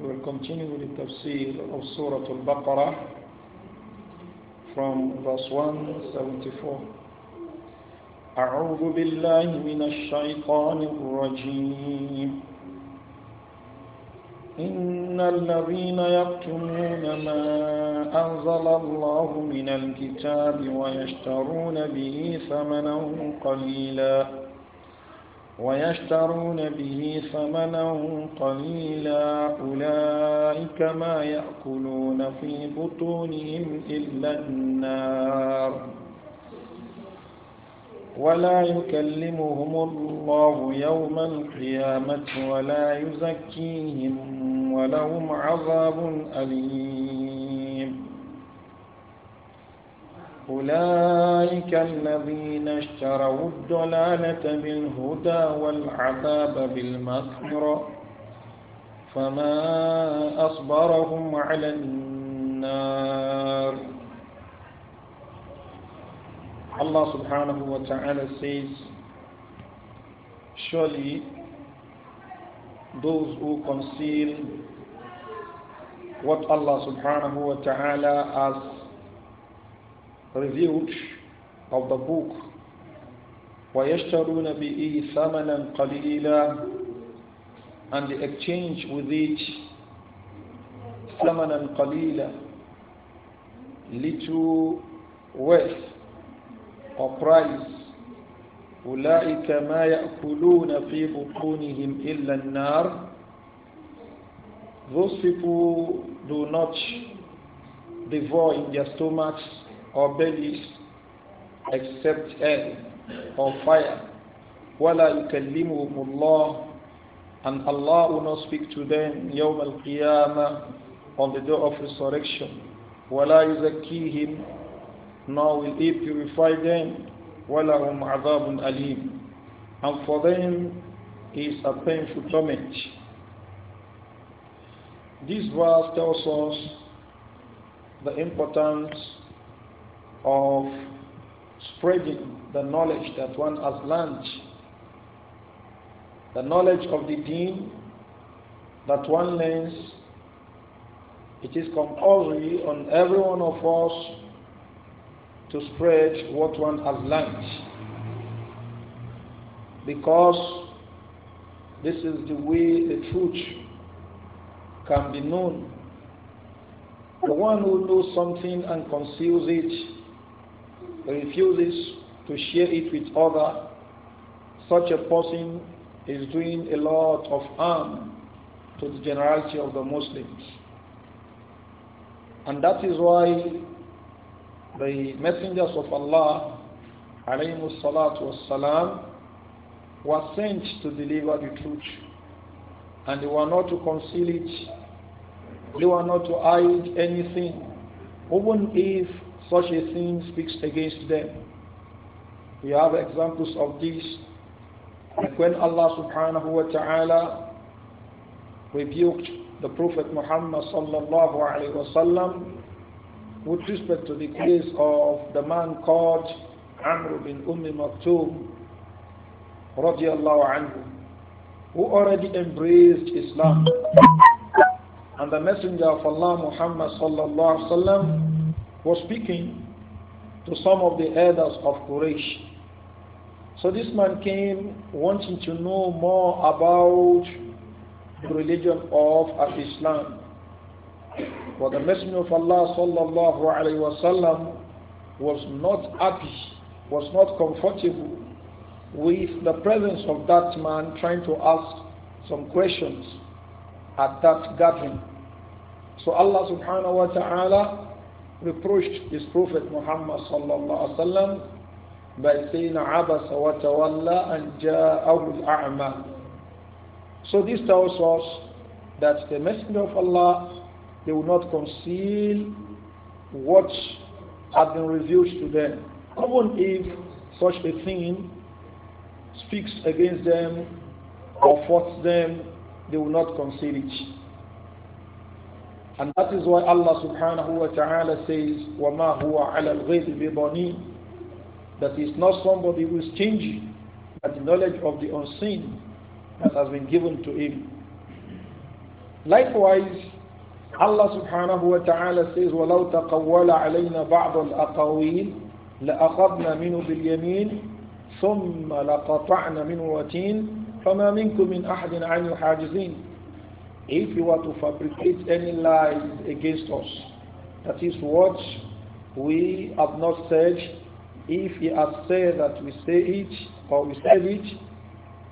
We will continue with the tafsir of Surah Al-Baqarah from verse 174. أعوذ بالله من الشيطان الرجيم إن الذين يكتمون ما أنزل الله من الكتاب ويشترون به ثمنا قليلا ويشترون به ثمنا قليلا أولئك ما يأكلون في بطونهم إلا النار ولا يكلمهم الله يوم القيامة ولا يزكيهم ولهم عذاب أليم أولئك الذين اشتروا الضلالة بالهدى والعذاب بالمغفرة فما أصبرهم على النار Allah subhanahu wa ta'ala says, Surely those who conceal what Allah subhanahu wa ta'ala has reviews of the book وَيَشْتَرُونَ بِهِ ثَمَنًا قَلِيلًا and they exchange with it ثَمَنًا قَلِيلًا little worth or price أولئك ما يأكلون في بطونهم إلا النار those people do not devour in their stomachs or bellies except air or fire. وَلَا يُكَلِّمُهُمُ اللَّهُ And Allah will not speak to them يَوْمَ الْقِيَامَةِ on the day of resurrection. وَلَا يُزَكِّيهِمْ Nor will He purify them. وَلَهُمْ عَذَابٌ أَلِيمٌ And for them is a painful torment. This verse tells us the importance of spreading the knowledge that one has learned, the knowledge of the deen that one learns. It is compulsory on every one of us to spread what one has learned. Because this is the way the truth can be known. The one who knows something and conceals it refuses to share it with other, such a person is doing a lot of harm to the generality of the Muslims. And that is why the messengers of Allah alayhi were sent to deliver the truth. And they were not to conceal it. They were not to hide anything. Even if such a thing speaks against them. We have examples of this. Like when Allah subhanahu wa ta'ala rebuked the Prophet Muhammad sallallahu alayhi wa sallam with respect to the case of the man called Amr bin Umm Maktoum radiallahu anhu who already embraced Islam and the messenger of Allah Muhammad sallallahu alayhi wa sallam was speaking to some of the elders of Quraysh. So this man came wanting to know more about the religion of Islam. But the Messenger of Allah sallallahu alaihi wasallam was not happy, was not comfortable with the presence of that man trying to ask some questions at that gathering. So Allah subhanahu wa ta'ala reproached his Prophet Muhammad sallallahu alaihi wasallam by saying abasa wa tawalla and ja'ahu al-a'ma. So this tells us that the Messenger of Allah they will not conceal what has been revealed to them, even if such a thing speaks against them or faults them, they will not conceal it. And that is why Allah subhanahu wa ta'ala says, وَمَا هُوَ عَلَى الْغَيْبِ بِضَنِينَ That is not somebody who is changing. but the knowledge of the unseen that has been given to him. Likewise, Allah subhanahu wa ta'ala says, وَلَوْ تَقَوَّلَ عَلَيْنَا بَعْضَ الْأَقَوِيلِ لَأَخَذْنَا مِنْهُ بِالْيَمِينِ ثُمَّ لَقَطَعْنَا مِنْهُ وَتِينَ فَمَا مِنْكُمْ مِنْ أَحَدٍ عَنْهُ حَاجِزِينَ if you were to fabricate any lies against us, that is what we have not said, if he has said that we say it or we said it,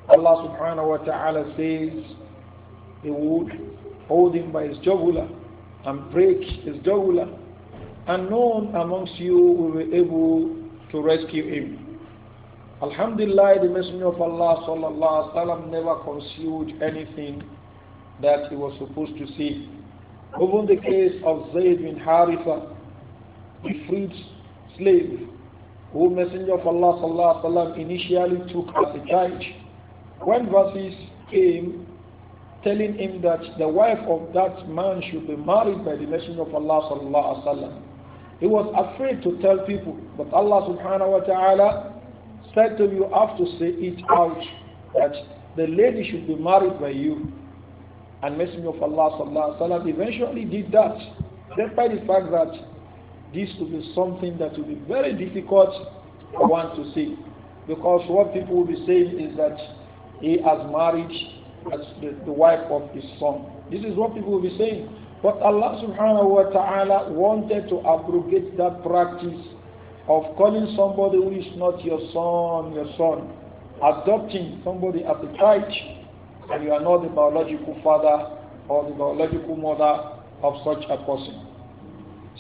Allah subhanahu wa ta'ala says he would hold him by his jugular and break his jugular. And none amongst you will be able to rescue him. Alhamdulillah, the Messenger of Allah sallallahu alaihi wasallam never concealed anything that he was supposed to see. Even the case of Zayd bin Haritha, the freed slave, who Messenger of Allah sallam, initially took as a child. When verses came telling him that the wife of that man should be married by the Messenger of Allah sallallahu sallam, he was afraid to tell people, but Allah subhanahu wa ta'ala said to him, you have to say it out that the lady should be married by you and Messenger of Allah sallallahu alaihi wasallam eventually did that, despite the fact that this will be something that will be very difficult for one to see, because what people will be saying is that he has married as the, the wife of his son. This is what people will be saying. But Allah subhanahu wa ta'ala wanted to abrogate that practice of calling somebody who is not your son, your son, adopting somebody as a child and you are not the biological father or the biological mother of such a person.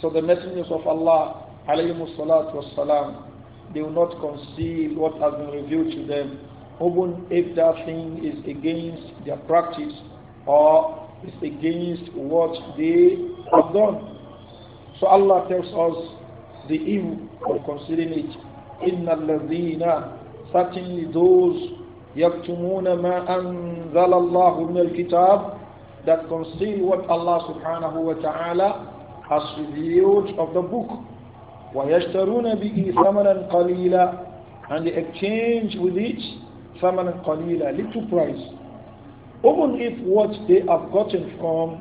So the messengers of Allah, alayhimu they will not conceal what has been revealed to them, even if that thing is against their practice or is against what they have done. So Allah tells us the evil of concealing it. Inna الَّذِينَ Certainly those يكتمون ما أنزل الله من الكتاب that conceal what Allah subhanahu wa ta'ala has revealed of the book ويشترون به ثمنا قليلا and they exchange with it ثمنا قليلا little price even if what they have gotten from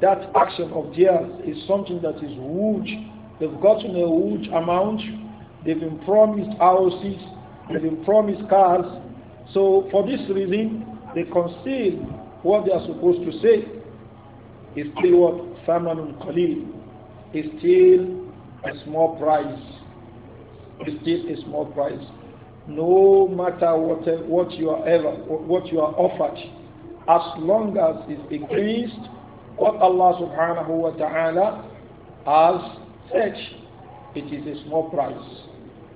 that action of theirs is something that is huge they've gotten a huge amount they've been promised houses they've been promised cars so for this reason, they conceal what they are supposed to say. It's still what? Samanun Khalil. it's still a small price. It's still a small price. No matter what, what you are ever, what you are offered, as long as it's increased what Allah subhanahu wa ta'ala has said, it is a small price.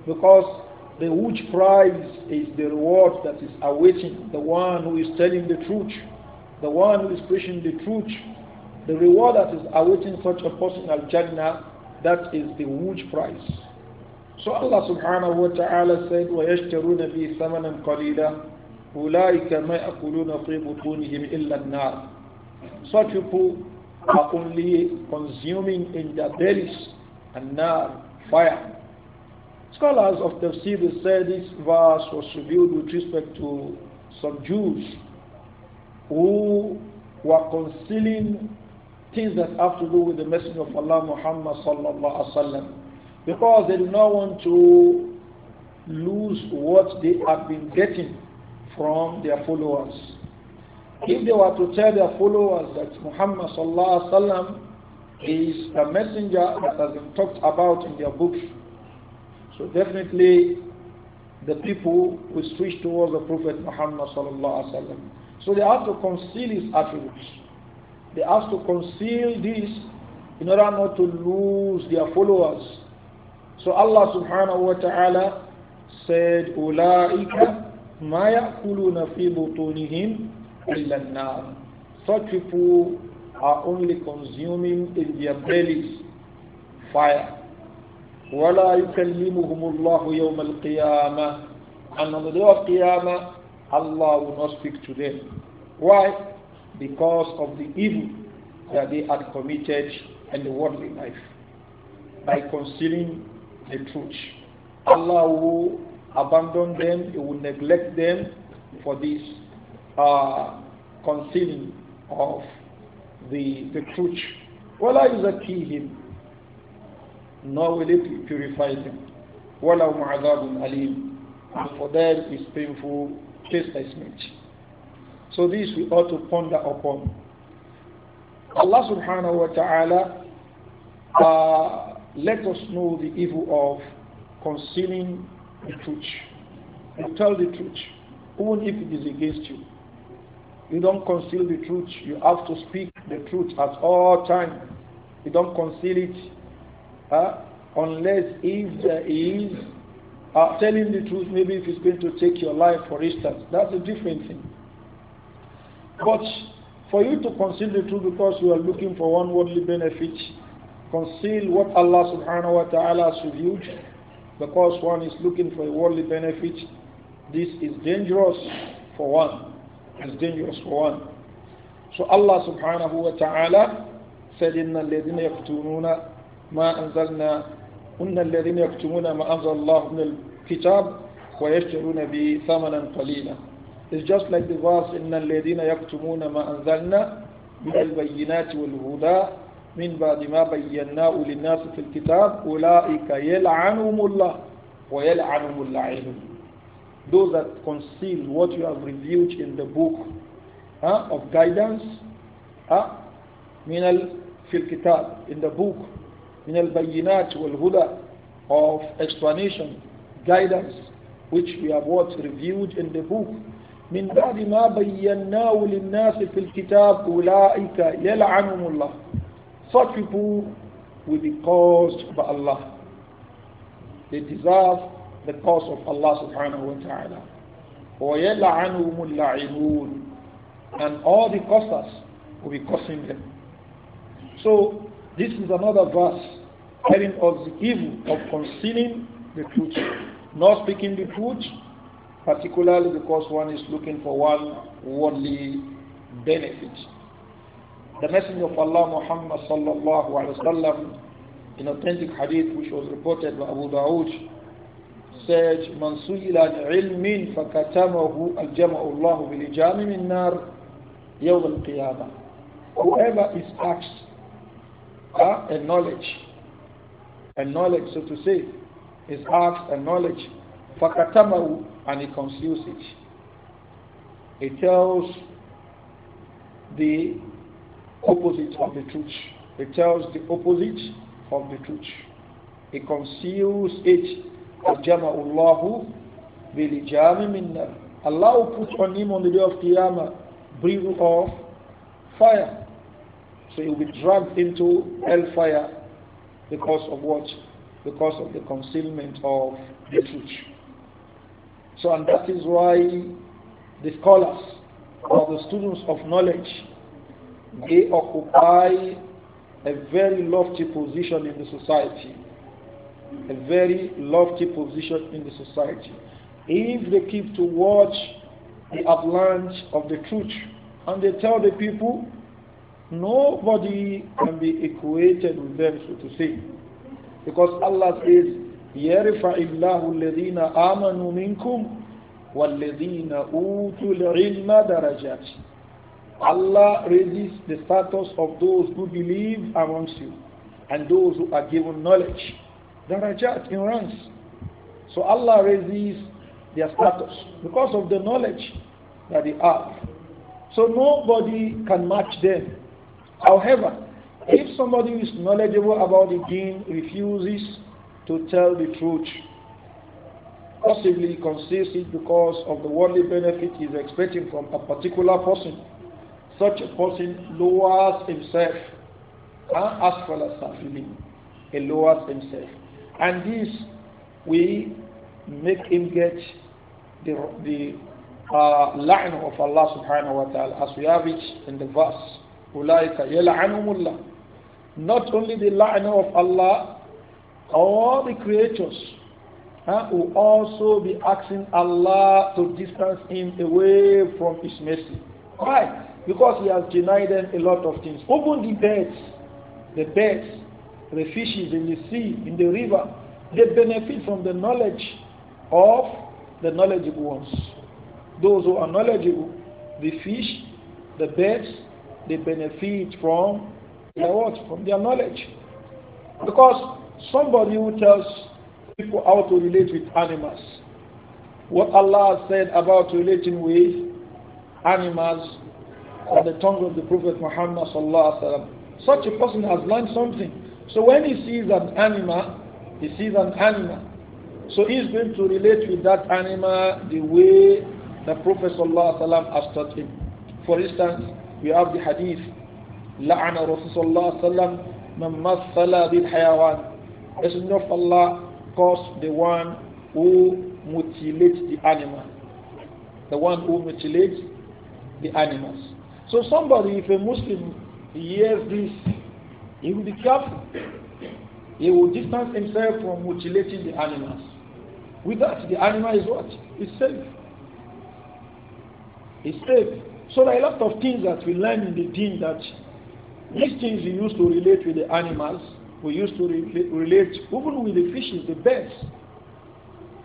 Because the which prize is the reward that is awaiting the one who is telling the truth, the one who is preaching the truth? The reward that is awaiting such a person al Jannah, that is the huge prize. So Allah subhanahu wa ta'ala said, وَيَشْتَرُونَ بِهِ ثَمَنًا قَلِيلًا أُولَٰئِكَ مَا يَأْكُلُونَ فِي بُطُونِهِمْ إِلَّا النَّارِ Such people are only consuming in their bellies and now fire. Scholars of Tafsir say this verse was revealed with respect to some Jews who were concealing things that have to do with the Messenger of Allah Muhammad sallallahu alaihi wasallam because they do not want to lose what they have been getting from their followers. If they were to tell their followers that Muhammad sallallahu alaihi wasallam is the messenger that has been talked about in their books, so definitely the people who switch towards the Prophet Muhammad sallallahu alaihi wasallam. So they have to conceal his attributes. They have to conceal this in order not to lose their followers. So Allah subhanahu wa ta'ala said, Ulaika ma ya'kuluna fi butunihim illa Such people are only consuming in their bellies fire. وَلَا يُكَلِّمُهُمُ اللَّهُ يَوْمَ الْقِيَامَةِ And on the day of Qiyamah, Allah will not speak to them. Why? Because of the evil that they had committed in the worldly life by concealing the truth. Allah will abandon them, He will neglect them for this uh, concealing of the, the truth. وَلَا يُزَكِّيهِمْ nor will it purify them. وَلَهُمْ عَذَابٌ أَلِيمٌ And for them is painful chastisement. So this we ought to ponder upon. Allah subhanahu wa ta'ala uh, let us know the evil of concealing the truth. You tell the truth, even if it is against you. You don't conceal the truth. You have to speak the truth at all times. You don't conceal it unless if there is uh, telling the truth, maybe if it's going to take your life, for instance. That's a different thing. But for you to conceal the truth because you are looking for one worldly benefit, conceal what Allah subhanahu wa ta'ala has revealed because one is looking for a worldly benefit. This is dangerous for one. It's dangerous for one. So Allah subhanahu wa ta'ala said, إِنَّ الَّذِينَ يَكْتُونُونَ ما أنزلنا إن الذين يكتمون ما أنزل الله من الكتاب ويشترون به ثمنا قليلا It's just like the verse إن الذين يكتمون ما أنزلنا من البينات والهدى من بعد ما بيناه للناس في الكتاب أولئك يلعنهم الله ويلعنهم اللعين Those that conceal what you have revealed in the book huh, of guidance huh, من في الكتاب in the book min al-bayyinat of explanation, guidance, which we have what reviewed in the book. من بعد ما بيناه للناس في الكتاب أولئك يلعنهم الله. Such people will be caused by Allah. They deserve the cause of Allah subhanahu wa ta'ala. وَيَلْعَنُهُمُ اللَّعِنُونَ And all the causes will be causing them. So this is another verse telling of the evil of concealing the truth, not speaking the truth, particularly because one is looking for one worldly benefit. The Messenger of Allah Muhammad sallallahu alaihi wasallam, in authentic hadith which was reported by Abu Dawood, said, "من سئل عن علم فكتمه jamau Allah bil-jami min nar yawm Whoever is asked uh, a knowledge. a knowledge, so to say, is asked and knowledge. Fakatamau and he conceals it. He tells the opposite of the truth. He tells the opposite of the truth. He conceals it. Allahu bilijami minna. Allah will put on him on the day of Qiyamah bridle of fire. So you'll be dragged into hellfire because of what? Because of the concealment of the truth. So and that is why the scholars or the students of knowledge they occupy a very lofty position in the society. A very lofty position in the society. If they keep to watch the avalanche of the truth and they tell the people Nobody can be equated with them, so to say. Because Allah says, يَرِفَعِ اللَّهُ الَّذِينَ آمَنُوا مِنْكُمْ وَالَّذِينَ أُوتُوا الْعِلْمَ دَرَجَاتِ Allah raises the status of those who believe amongst you and those who are given knowledge. Darajat in ranks. So Allah raises their status because of the knowledge that they have. So nobody can match them However, if somebody who is knowledgeable about the deen refuses to tell the truth, possibly conceals it because of the worldly benefit he is expecting from a particular person, such a person lowers himself and as well as suffering, he lowers himself. And this we make him get the, the uh, of Allah subhanahu wa ta'ala as we have it in the verse. Ulaika yal'anumullah. Not only the la'na of Allah, all the creatures huh, will also be asking Allah to distance him away from his mercy. Why? Because he has denied them a lot of things. Open the beds, the beds, the fishes in the sea, in the river, they benefit from the knowledge of the knowledgeable ones. Those who are knowledgeable, the fish, the birds, they benefit from their what? From their knowledge. Because somebody who tells people how to relate with animals, what Allah said about relating with animals on the tongue of the Prophet Muhammad sallallahu such a person has learned something. So when he sees an animal, he sees an animal. So he's going to relate with that animal the way the Prophet ﷺ has taught him. For instance, we have the hadith Lā رسول صلى الله عليه وسلم من مثل بالحيوان of Allah cause the one who mutilates the animal the one who mutilates the animals so somebody if a Muslim hears this he will be careful he will distance himself from mutilating the animals with that the animal is what is safe It's safe so there are a lot of things that we learn in the deen that these things we used to relate with the animals, we used to re relate even with the fishes, the birds.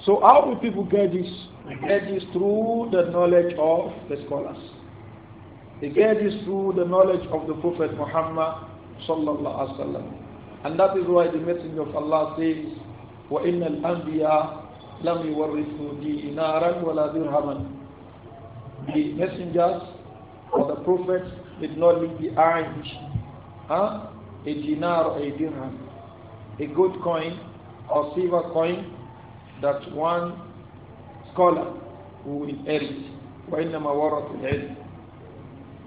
So how do people get this? They get this through the knowledge of the scholars. They get this through the knowledge of the Prophet Muhammad sallallahu alaihi wasallam. And that is why the Messenger of Allah says, وَإِنَّ الْأَنْبِيَا لَمْ يُوَرِّثُوا دِينَارًا وَلَا دِرْهَمًا The messengers or the Prophet did not leave behind huh? a dinar or a dirham, a good coin or silver coin that one scholar will inherit. It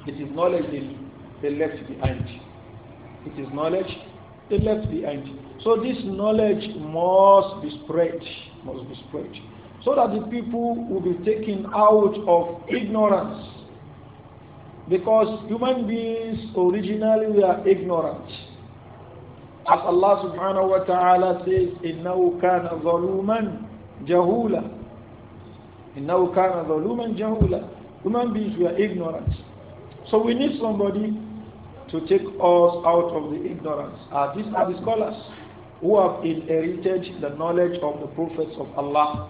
is knowledge they left behind. It is knowledge they left behind. So this knowledge must be spread, must be spread, so that the people will be taken out of ignorance because human beings originally we are ignorant. As Allah subhanahu wa ta'ala says, إِنَّهُ كَانَ ظَلُومًا جَهُولًا إِنَّهُ كَانَ ظَلُومًا جَهُولًا Human beings we are ignorant. So we need somebody to take us out of the ignorance. Uh, these are the scholars who have inherited the knowledge of the prophets of Allah.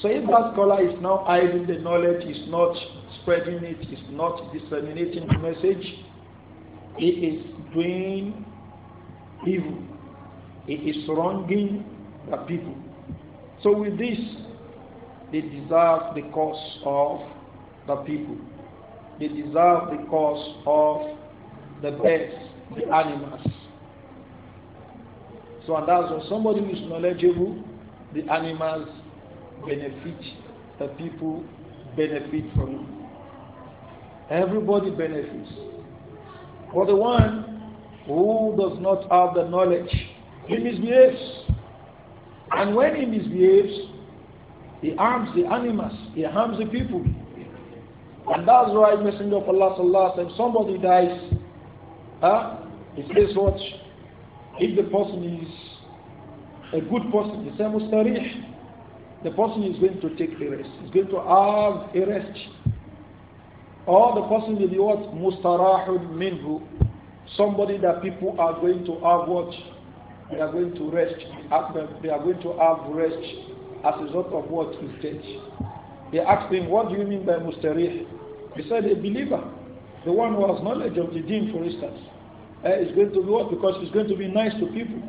So if that scholar is now hiding the knowledge, is not spreading it is not disseminating the message. He is doing evil. He is wronging the people. So with this, they deserve the cause of the people. They deserve the cause of the birds, the animals. So and that's when somebody who is knowledgeable, the animals benefit, the people benefit from it. Everybody benefits. For the one who does not have the knowledge, he misbehaves. And when he misbehaves, he harms the animals, he harms the people. And that's why Messenger of Allah sallallahu alaihi wasallam, somebody dies, huh? He says what? If the person is a good person, the same story. the person is going to take a rest. He's going to have a rest. Or the person will be what? Mustarahun minhu. Somebody that people are going to have what? They are going to rest. They are going to have rest as a result of what he said. They asked him, what do you mean by mustarih? He said, a believer. The one who has knowledge of the deen, for instance, uh, is going to be what? Because he's going to be nice to people.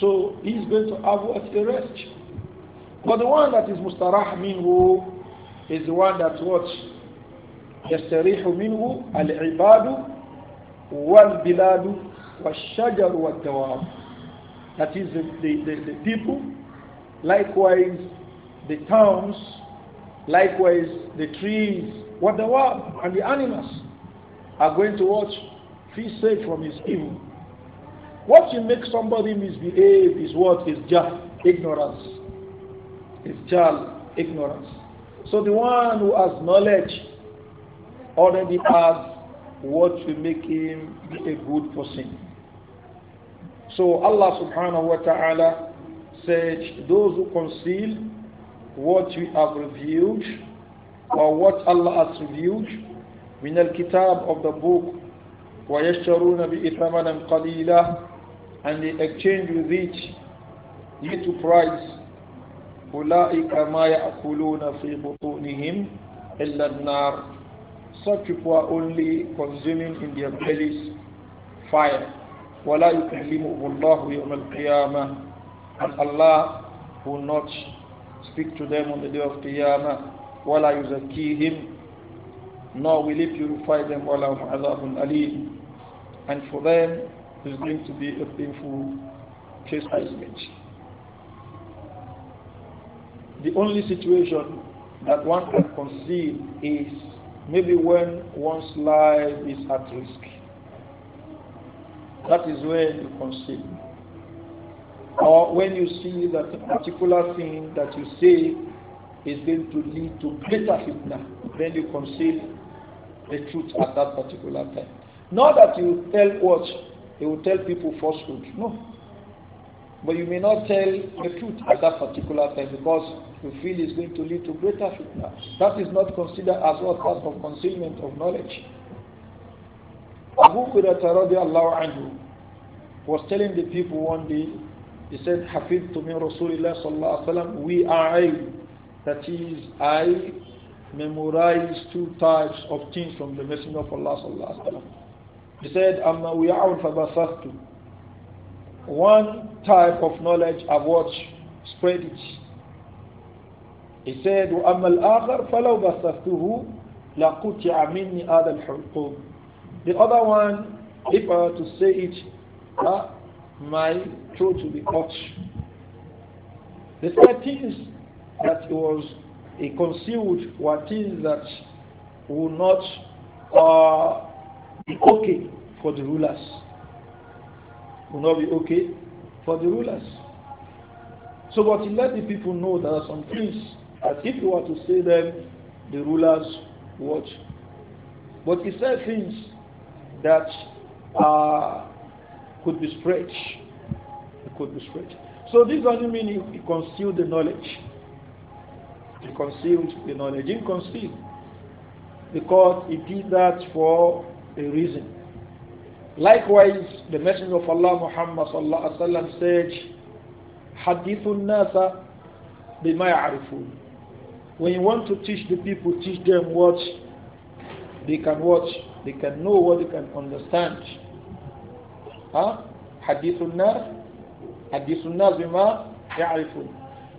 So he's going to have what? A rest. But the one that is mustarah minhu is the one that what? يستريح منه العباد والبلاد والشجر والدواب that is the, the, the, the people likewise the towns likewise the trees what the world and the animals are going to watch free safe from his evil what you make somebody misbehave is what is just ignorance is just ignorance so the one who has knowledge already has what will make him be a good person. So Allah subhanahu wa ta'ala said, Those who conceal what we have revealed or what Allah has revealed min al-kitab of the book وَيَشْتَرُونَ بِإِثَمَنًا قَلِيلًا and they exchange with it little price أُولَٰئِكَ مَا يَأْكُلُونَ فِي بُطُونِهِمْ إِلَّا النَّارِ such people are only consuming in their bellies fire. وَلَا يُكَلِّمُهُ اللَّهُ يَوْمَ الْقِيَامَةِ And Allah will not speak to them on the day of Qiyamah. وَلَا يُزَكِّيهِمْ Nor will He purify them. وَلَا عَذَابٌ أَلِيمٌ And for them, it's going to be a painful chastisement. The only situation that one can conceive is maybe when one's life is at risk. That is where you consider. Or when you see that a particular thing that you say is going to lead to greater fitna, then you conceal the truth at that particular time. Not that you tell what, you will tell people falsehood. No. But you may not tell the truth at that particular time because you feel it's going to lead to greater fitna. That is not considered as what part of concealment of knowledge. Abu Hurairah anhu was telling the people one day, he said, Hafid to Rasulillah Rasulullah sallallahu alayhi wa we are I. That is, I memorize two types of things from the Messenger of Allah sallallahu alayhi wa He said, أَمَّا وِيَعُونَ فَبَثَثْتُ one type of knowledge I've spread it. He said, وَأَمَّا الْآخَرْ فَلَوْ بَسَّفْتُهُ لَقُتِعَ مِنِّي هَذَا الْحُلْقُمْ The other one, if I were to say it, uh, my throat will be cut. The things that was he concealed were things that would not uh, be okay for the rulers will not be okay for the rulers. So, but he let the people know there are some things that if you were to say them, the rulers watch. But he said things that uh, could be spread. It could be spread. So this doesn't mean he, he concealed the knowledge. He concealed the knowledge. He concealed because he did that for a reason. Likewise, the Messenger of Allah Muhammad sallallahu alaihi wasallam said, "Hadithun nasa bima ya'rifun." When you want to teach the people, teach them what they can watch, they can know what they can understand. Huh? Hadithun nas, hadithun nas bima ya'rifun.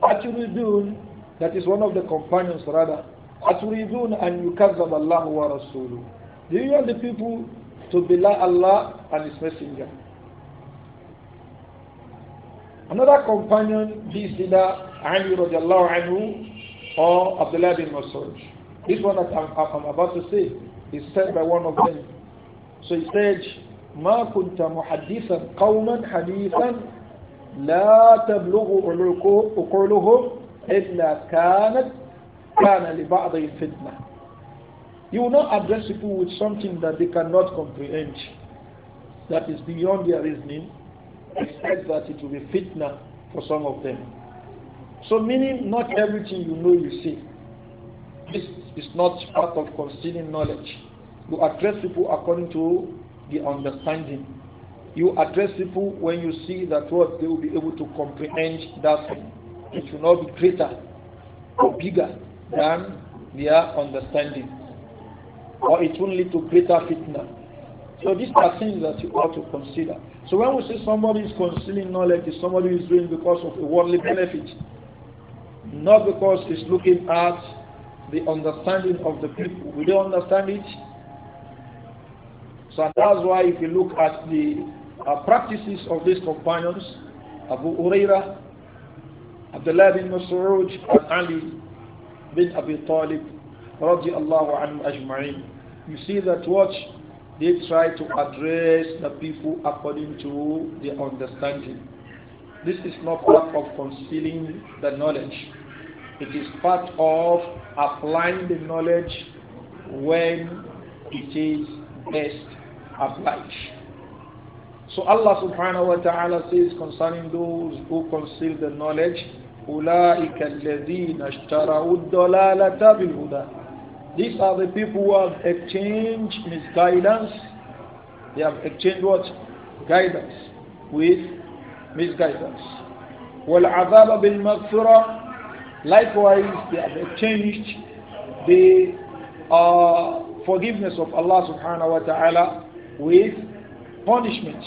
Aturidun, that is one of the companions rather. Aturidun an yukazzab Allah wa rasuluh. Do you want the people to belie Allah and His Messenger. Another companion, is either Ali radiallahu anhu, or Abdullah bin Masud. This one that I'm, I'm about to say is said by one of them. So he said, ما كنت محدثا قوما حديثا لا تبلغ عقولهم إلا كانت كان لبعضهم فتنه You will not address people with something that they cannot comprehend, that is beyond their reasoning, except that it will be fitna for some of them. So meaning not everything you know you see. This is not part of concealing knowledge. You address people according to the understanding. You address people when you see that what they will be able to comprehend that thing. It will not be greater or bigger than their understanding or it will lead to greater fitna. So these are things that you ought to consider. So when we say somebody is concealing knowledge, it's somebody is doing because of a worldly benefit, not because he's looking at the understanding of the people. We don't understand it. So that's why if you look at the uh, practices of these companions, Abu Uraira, Abdullah bin Mas'ud, and Ali bin Abi Talib, radiallahu anhu ajma'in, you see that what they try to address the people according to their understanding. This is not part of concealing the knowledge. It is part of applying the knowledge when it is best applied. So Allah subhanahu wa ta'ala says concerning those who conceal the knowledge, أولئك الذين اشتروا الضلالة بالهدى these are the people who have exchanged misguidance. They have exchanged what? Guidance with misguidance. وَالْعَذَابَ بِالْمَغْفِرَةِ Likewise, they have exchanged the uh, forgiveness of Allah subhanahu wa ta'ala with punishment.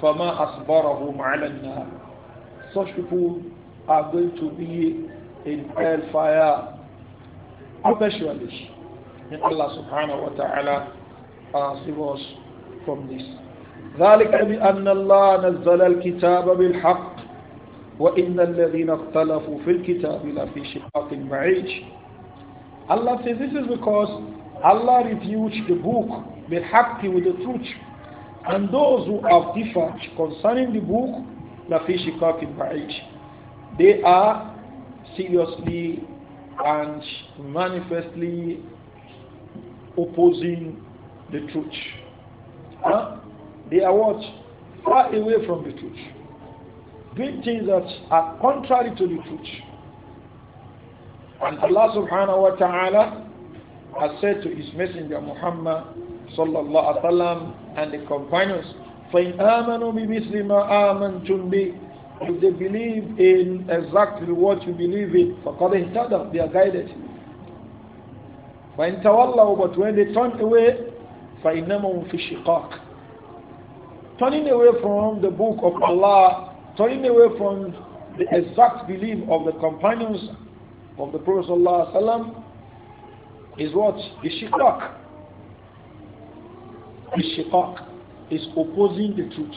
فَمَا أَصْبَرَهُمْ عَلَى النَّارِ Such people are going to be in hellfire eventually. May Allah subhanahu wa ta'ala uh, save us from this. ذلك بأن الله نزل الكتاب بالحق وإن الذين اختلفوا في الكتاب لفي شقاق بعيد Allah says this is because Allah revealed the book بالحق with the truth and those who have differed concerning the book لفي شقاق بعيد they are seriously and manifestly opposing the truth. Huh? They are what? Far away from the truth. Doing things that are contrary to the truth. And Allah subhanahu wa ta'ala has said to his messenger Muhammad sallallahu alaihi wasallam and the companions, فَإِنْ آمَنُوا بِمِثْلِ مَا آمَنْتُمْ بِهِ if they believe in exactly what you believe in, فَقَدْ اهْتَدَى They are guided. فَإِنْ تَوَلَّوْا But when they turn away, فَإِنَّمَهُمْ فِي شِقَاقٍ Turning away from the book of Allah, turning away from the exact belief of the companions of the Prophet ﷺ is what is shiqaq. Is shiqaq is opposing the truth.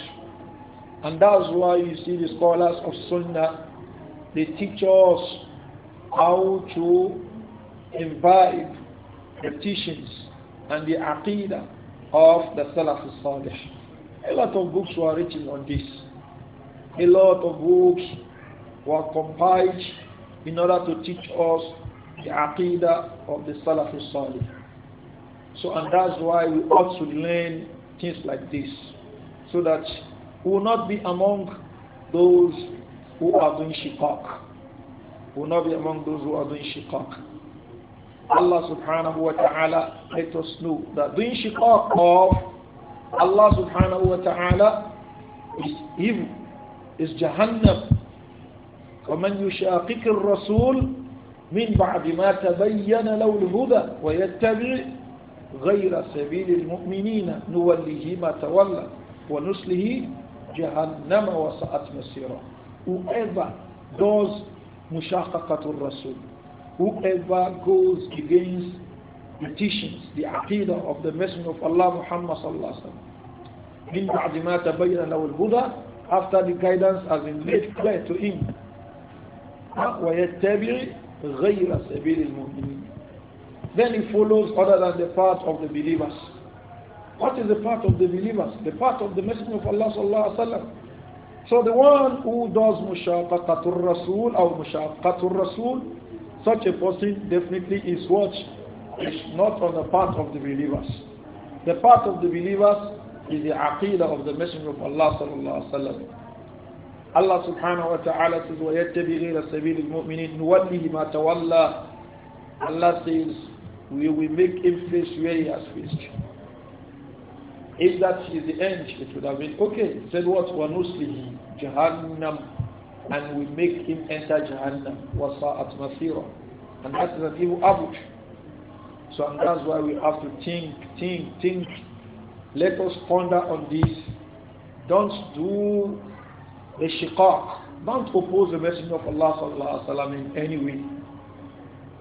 And that's why you see the scholars of Sunnah, they teach us how to imbibe the teachings and the aqidah of the Salaf Salih. A lot of books were written on this. A lot of books were compiled in order to teach us the aqidah of the Salaf Salih. So, and that's why we ought to learn things like this so that who will not be among those who are doing shikak. Who will not be among those who are doing shikak. Allah subhanahu wa ta'ala let us know that doing shikak of Allah subhanahu wa ta'ala is evil, is jahannam. ومن يشاقق الرسول من بعد ما تبين له الهدى ويتبع غير سبيل المؤمنين نوله ما تولى ونسله جهنم وساءت مصيرا whoever does mushaqaqatul rasul whoever goes against the teachings the aqidah of the messenger of Allah Muhammad صلى الله عليه وسلم, ba'di ma tabayyana lahu al-huda after the guidance has been made clear to him ويتبع غير سبيل المؤمنين then he follows other than the path of the believers what is the part of the believers? The part of the Messenger of Allah sallallahu alaihi wasallam. So the one who does mushaqaqatul rasul or mushaqaqatul rasul, such a person definitely is what is not on the part of the believers. The part of the believers is the aqidah of the Messenger of Allah sallallahu alaihi wasallam. Allah subhanahu wa ta'ala says وَيَتَّبِي غَيْرَ سَبِيلِ الْمُؤْمِنِينَ نُوَلِّهِ مَا تَوَلَّى Allah says, we will make him face where he has faced. If that is the end, it would have been okay. He said what? وَنُسْلِهِ Jahannam. And we make him enter Jahannam. وَصَاءَتْ مَصِيرًا And that is an evil abut. So and that's why we have to think, think, think. Let us ponder on this. Don't do the shiqaq. Don't oppose the Messenger of Allah sallallahu alaihi wasallam in any way.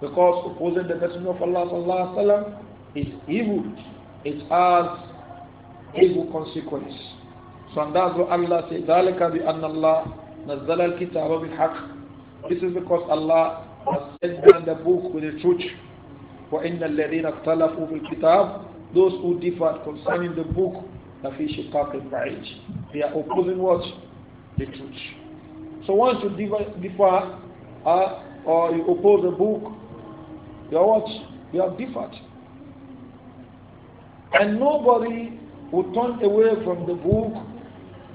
Because opposing the Messenger of Allah sallallahu alaihi wasallam is evil. It has evil consequence. So and that's what Allah said, ذَلَكَ بِأَنَّ اللَّهَ نَزَّلَ الْكِتَابَ بِالْحَقِّ This is because Allah has sent down the book with the truth. وَإِنَّ الَّذِينَ اخْتَلَفُوا بِالْكِتَابِ Those who differed concerning the book, لَفِي شِقَاقٍ بَعِيدٍ They are opposing what? The truth. So once you differ, differ uh, or you oppose the book, you are what? You are differed. And nobody will turn away from the book,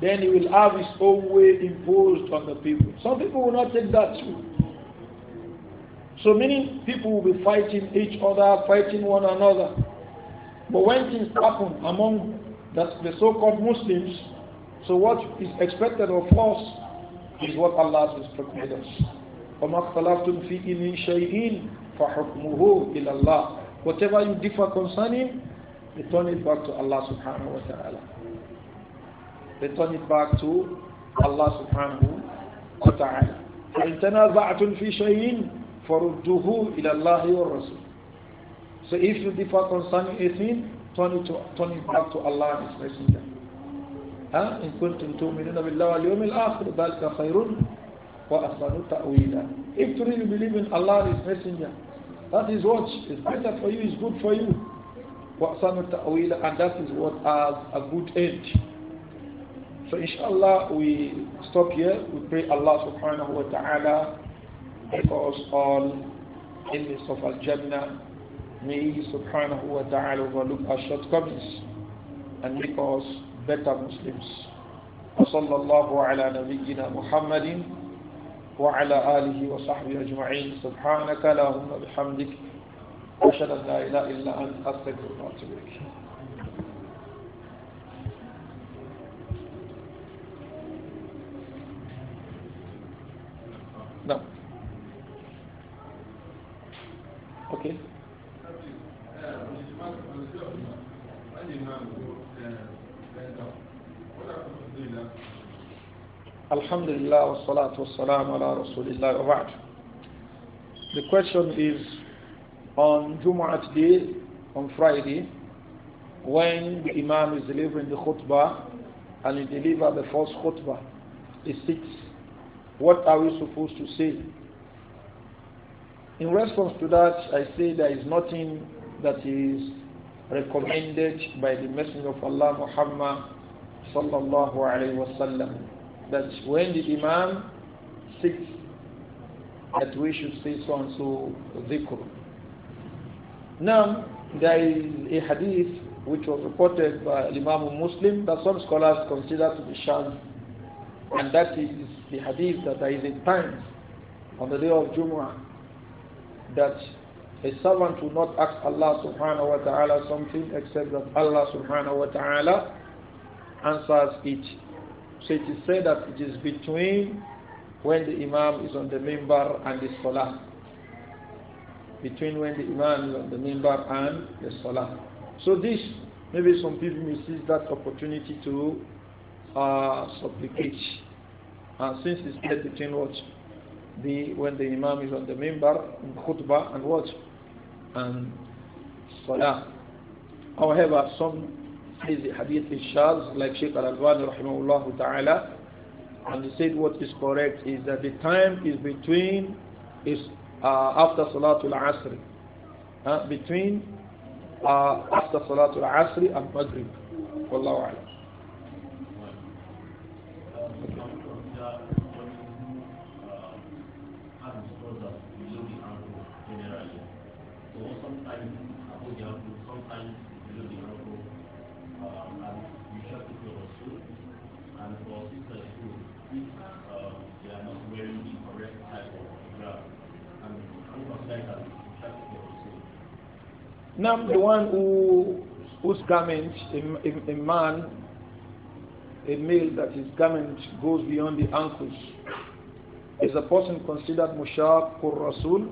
then he will have his own way imposed on the people. Some people will not take that too. So many people will be fighting each other, fighting one another. But when things happen among the, the so-called Muslims, so what is expected of us is what Allah has prepared us. Whatever you differ concerning, Return it back to Allah subhanahu wa ta'ala. Return it back to Allah subhanahu wa ta'ala. فَإِن تَنَازَعْتُمْ فِي شَيْءٍ فَرُدُّهُ إِلَى اللَّهِ وَالرَّسُولِ So if you differ concerning anything, turn it, to, turn it back to Allah and His Messenger. ها إن كنتم تؤمنون بالله واليوم الآخر ذلك خير وأحسن تأويلا If you really believe in Allah and His Messenger, that is what is better for you, is good for you. وَأَحْسَنُ التَّأْوِيلَ And that is what has a good end. So inshallah we stop here. We pray Allah subhanahu wa ta'ala make us all enemies of Al-Jannah. May He subhanahu wa ta'ala overlook our shortcomings and make us better Muslims. وصلى الله على نبينا محمد وعلى آله وصحبه أجمعين سبحانك اللهم بحمدك أشهد أن لا إله إلا أن أستغفر وأتوب إليك نعم أوكي الحمد لله والصلاة والسلام على رسول الله وبعد The question is on Jumu'at day, on Friday, when the Imam is delivering the khutbah and he delivers the first khutbah, he sits. What are we supposed to say? In response to that, I say there is nothing that is recommended by the Messenger of Allah Muhammad sallallahu alaihi wasallam that when the Imam sits, that we should say so and so dhikr. Now, there is a hadith which was reported by Imam Muslim that some scholars consider to be shadh, and that is the hadith that there is a time on the day of Jumu'ah that a servant will not ask Allah subhanahu wa ta'ala something except that Allah subhanahu wa ta'ala answers it. So it is said that it is between when the Imam is on the member and the scholar between when the Imam is on the minbar and the Salah. So this, maybe some people may seize that opportunity to uh, supplicate. And since it's said between what? The, when the Imam is on the member, in khutbah and what? And Salah. However, some say the hadith is shaz, like Sheikh Al-Albani rahimahullah ta'ala, and he said what is correct is that the time is between is uh, after Salatul Asr, uh, between uh, after Salatul Asr and Maghrib. Wallahu a'lam. and for Now, the one who whose garment, a, a, a man, a male that his garment goes beyond the ankles, is a person considered mushab or rasul,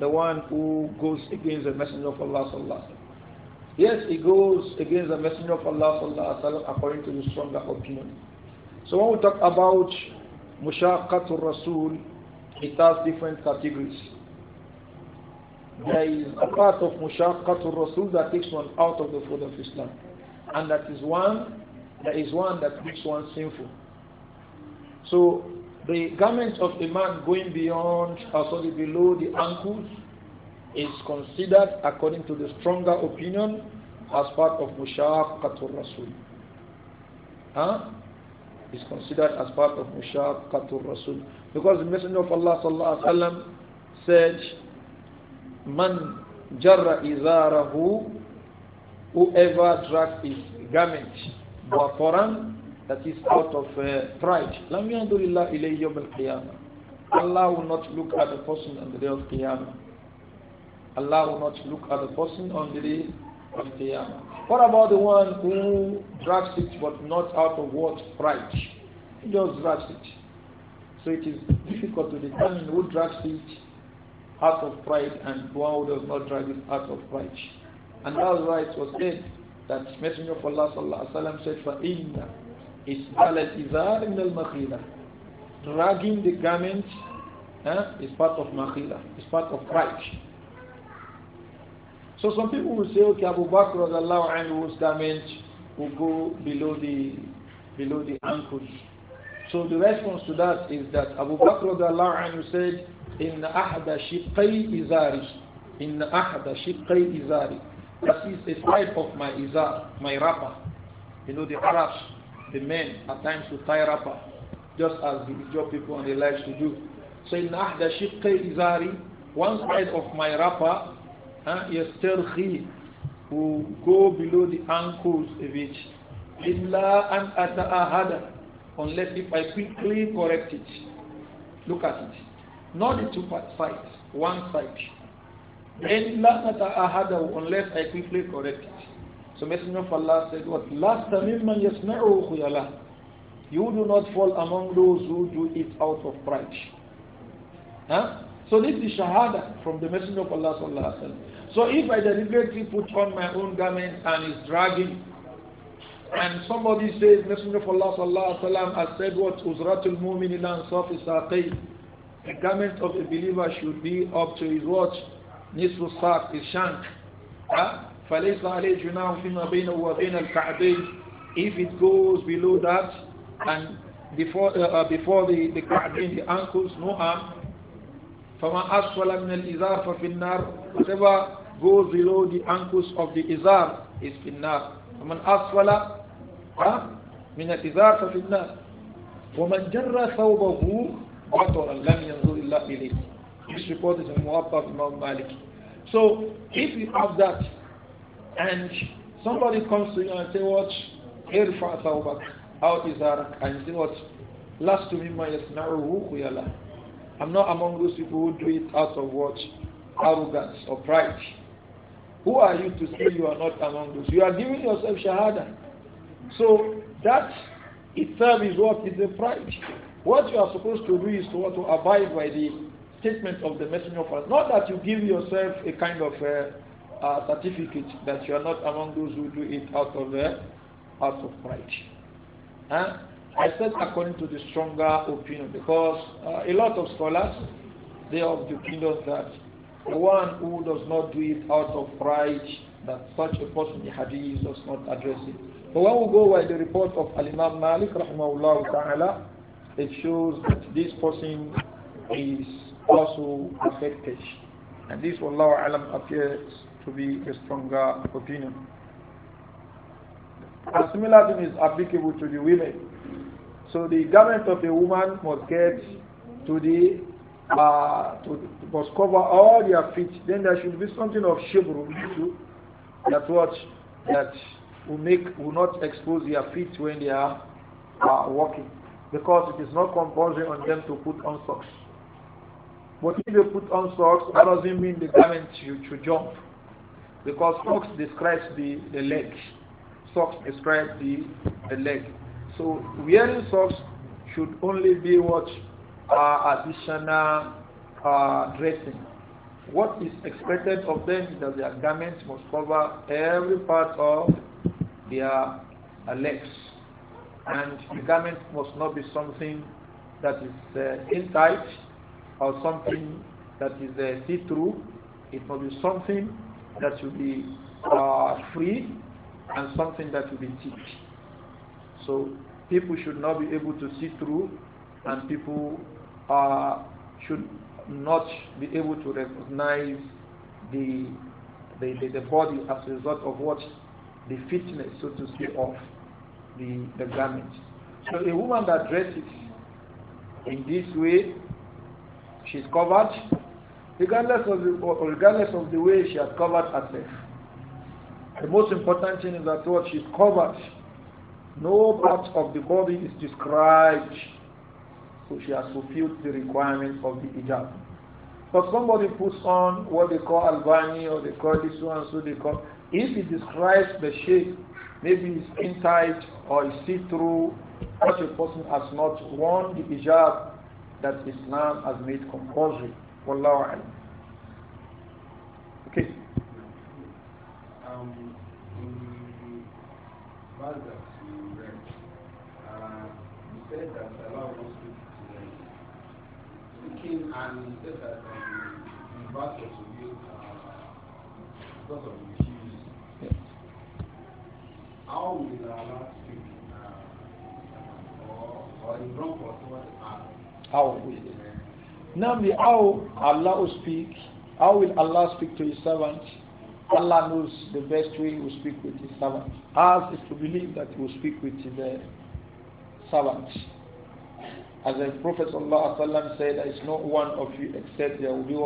the one who goes against the messenger of Allah sallallahu Yes, he goes against the messenger of Allah sallallahu according to the stronger opinion. So when we talk about mushab rasul, it has different categories there is a part of mushaqqatul rasul that takes one out of the fold of Islam. And that is one, that is one that makes one sinful. So the garment of a man going beyond, or uh, sorry, below the ankles is considered, according to the stronger opinion, as part of mushaqqatul rasul. Huh? Is considered as part of mushaqqatul rasul. Because the Messenger of Allah sallallahu alaihi wasallam said, Man jarra izarahu, whoever drags his garment, wafaran, that is out of uh, pride. Lam yandulillah ilayhi yawm al-qiyamah. Allah will not look at the person on the day of Qiyamah. Allah will not look at the person on the day of Qiyamah. What about the one who drags it but not out of what? Pride. He just drags it. So it is difficult to determine who drags it out of pride and proud does not drive out of pride. And that's why it was said that Messenger of Allah sallallahu alaihi wasallam said, فَإِنَّ إِسْبَالَ الْإِذَارِ مِنَ Dragging the garment eh, is part of makhila, is part of pride. So some people will say, okay, Abu Bakr radiallahu was garment will go below the, below the ankles. So the response to that is that Abu Bakr radiallahu anhu said, in ahda shiqai izari in ahda shiqai izari that is a type of my izar my wrapper you know the arabs the men at times to tie wrapper just as the job people on the lives to do so in ahda shiqai izari one side of my wrapper uh, yastarkhi who go below the ankles a bit illa an ata'ahada unless if I quickly correct it look at it not the two sides, one side. And last ahadahu unless I quickly correct it. So Messenger of Allah said, What last mimman yasma'u khuyala. You do not fall among those who do it out of pride. Huh? So this is shahada from the Messenger of Allah sallallahu alaihi So if I deliberately put on my own garment and is dragging, and somebody says Messenger of Allah sallallahu alaihi wasallam has said what uzratul mu'min the garment of the believer should be up to his watch, nisfu saq, his shank. فَلَيْسَ عَلَيْهِ جُنَاهُ فِيمَا بَيْنَهُ وَبَيْنَ الْكَعْبَيْنِ If it goes below that and before, uh, uh before the, the ka'bin, the ankles, no harm. فَمَا أَسْفَلَ مِنَ الْإِزَارِ فَفِي النَّارِ Whatever goes below the ankles of the izar is في النار. فَمَنْ أَسْفَلَ من الإزار ففي النار ومن جر ثوبه this report is in Muwatta Imam Malik. So if you have that and somebody comes to you and say what ارفع ثوبك out إزارك and you say what لست مما يصنعه خيالا I'm not among those people who do it out of what arrogance or pride. Who are you to say you are not among those? You are giving yourself shahada. So that itself is what is the pride. What you are supposed to do is to, to abide by the statement of the messenger of Allah. Not that you give yourself a kind of uh, certificate that you are not among those who do it out of uh, out of pride. Huh? I said according to the stronger opinion because uh, a lot of scholars they are of the opinion that the one who does not do it out of pride that such a person the hadith does not address it. But when we go by the report of Al Imam Malik wa ta'ala it shows that this person is also affected. And this, Wallahu Alam, appears to be a stronger opinion. A similar thing is applicable to the women. So the garment of a woman must get to the uh, to, must cover all their feet. Then there should be something of shibru that what that will make will not expose their feet when they are uh, walking because it is not compulsory on them to put on socks. But if they put on socks, that doesn't mean the garment you should jump. Because socks describes the, the leg. Socks describes the, the leg. So wearing socks should only be what uh, additional uh, dressing. What is expected of them is that their garments must cover every part of their uh, legs and the garment must not be something that is uh, inside or something that is uh, see-through. It must be something that will be uh, free and something that will be thick. So people should not be able to see through and people uh, should not be able to recognize the, the, the, the body as a result of what the fitness, so to speak, of the, the garment. So a woman that dresses in this way, she's covered, regardless of the, regardless of the way she has covered herself. The most important thing is that what she's covered, no part of the body is described. So she has fulfilled the requirements of the hijab. But somebody puts on what they call Albani or they call this one, so they call. If it describes the shape maybe it's skin tight or it's see-through, such a person has not worn the hijab that Islam has made compulsory. Wallahu Okay. Um, uh, that and said that um, the verse was revealed uh, because of how will Allah speak? Or, or is wrong for someone to ask? How will now the how Allah will speak, how will Allah speak to his servant? Allah knows the best way he will speak with his servant. Ours is to believe that he will speak with the servants, servant. As the Prophet ﷺ said, there is no one of you except there will be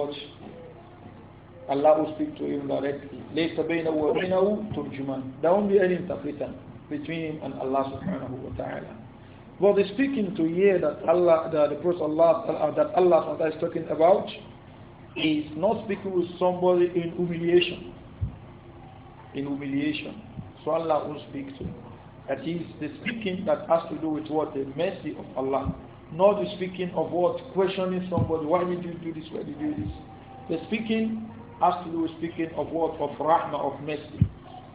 Allah will speak to him directly. لَيْسَ بَيْنَهُ وَبَيْنَهُ تُرْجُمَانِ There won't be any interpreter between him and Allah subhanahu wa ta'ala. But the speaking to him that Allah, that the Prophet Allah, uh, that Allah is talking about is not speaking with somebody in humiliation. In humiliation. So Allah will speak to him. That is the speaking that has to do with what? The mercy of Allah. Not the speaking of what? Questioning somebody. Why did you do this? Why did you do this? The speaking absolute speaking of what? Of rahmah, of mercy.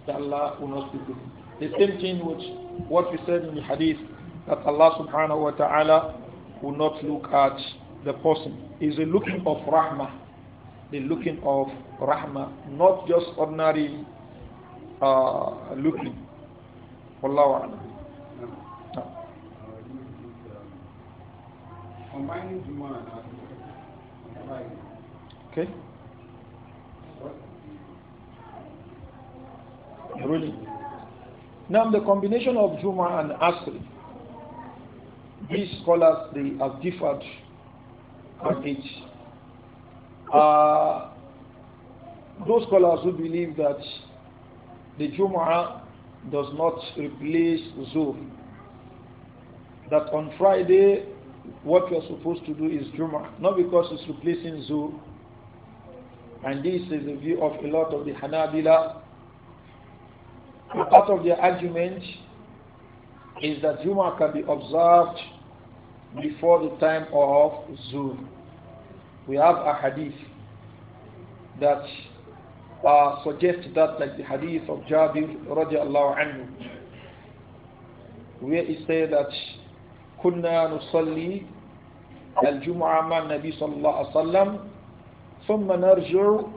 That Allah will not speak with The same thing which what we said in the hadith that Allah subhanahu wa ta'ala will not look at the person. Is a looking of rahmah. The looking of rahmah, not just ordinary uh, looking. Wallahu a'lam. Uh, um, okay. ruling. Now the combination of Juma and Asri, these scholars they have differed on it. Uh, those scholars who believe that the Juma does not replace Zuhr. That on Friday, what you are supposed to do is Juma, not because it's replacing Zuhr. And this is the view of a lot of the Hanabila Part of their argument is that Juma can be observed before the time of Zuhr. We have a hadith that uh, suggests that like the hadith of Jabir radiallahu anhu where he said that "Kunna نصلي al مع النبي Nabi sallallahu alaihi wasallam, thumma نرجع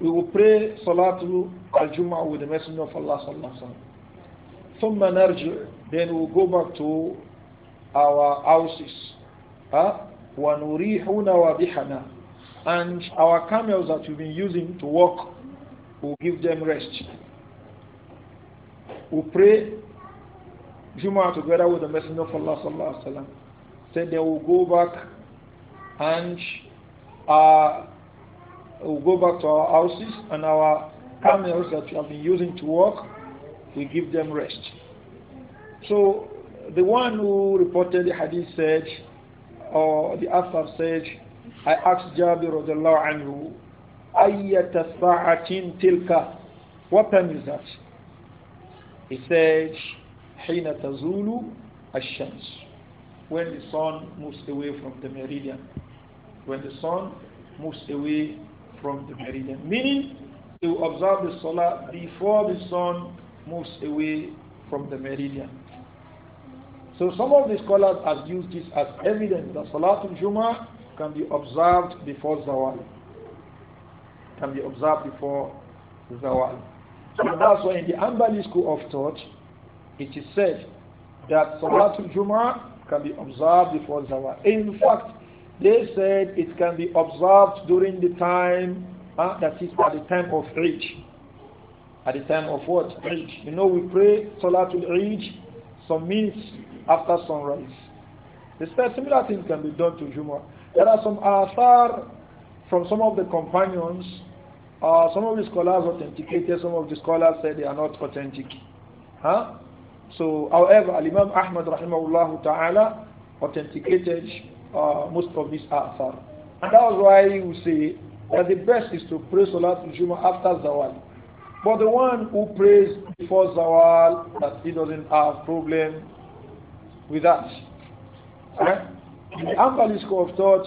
we will pray salatul al with the Messenger of Allah sallallahu alaihi wasallam. Then we'll go back to our houses. Huh? وَنُرِيحُنَا وَبِحَنَا And our camels that we've been using to walk, we'll give them rest. We'll pray Juma together with the Messenger of Allah sallallahu alaihi wasallam. Then they will go back and uh, we'll go back to our houses and our camels that you have been using to walk, we give them rest. So the one who reported the hadith said, or the author said, I asked Jabir radiallahu anhu, أَيَّةَ سَاعَةٍ tilka?" What time is that? He said, "Hina tazulu الشَّمْسُ When the sun moves away from the meridian. When the sun moves away from the meridian. Meaning, to will observe the salah before the sun moves away from the meridian. So some of the scholars have used this as evidence that Salatul Jummah can be observed before Zawal. Can be observed before Zawal. So that's why in the Ambali school of thought, it is said that Salatul Jummah can be observed before Zawal. In fact, they said it can be observed during the time that is at the time of Eid. At the time of what? Eid. You know, we pray Salatul Eid some minutes after sunrise. They said similar things can be done to Juma. There are some asar from some of the companions. Uh, some of the scholars authenticated, some of the scholars said they are not authentic. Huh? So, however, Imam Ahmad rahimahullah ta'ala authenticated uh, most of these asar. And that was why we say that the best is to pray Salatul Juma after Zawal. But the one who prays before Zawal, that he doesn't have problem with that. Right? the Hanbali is of thought,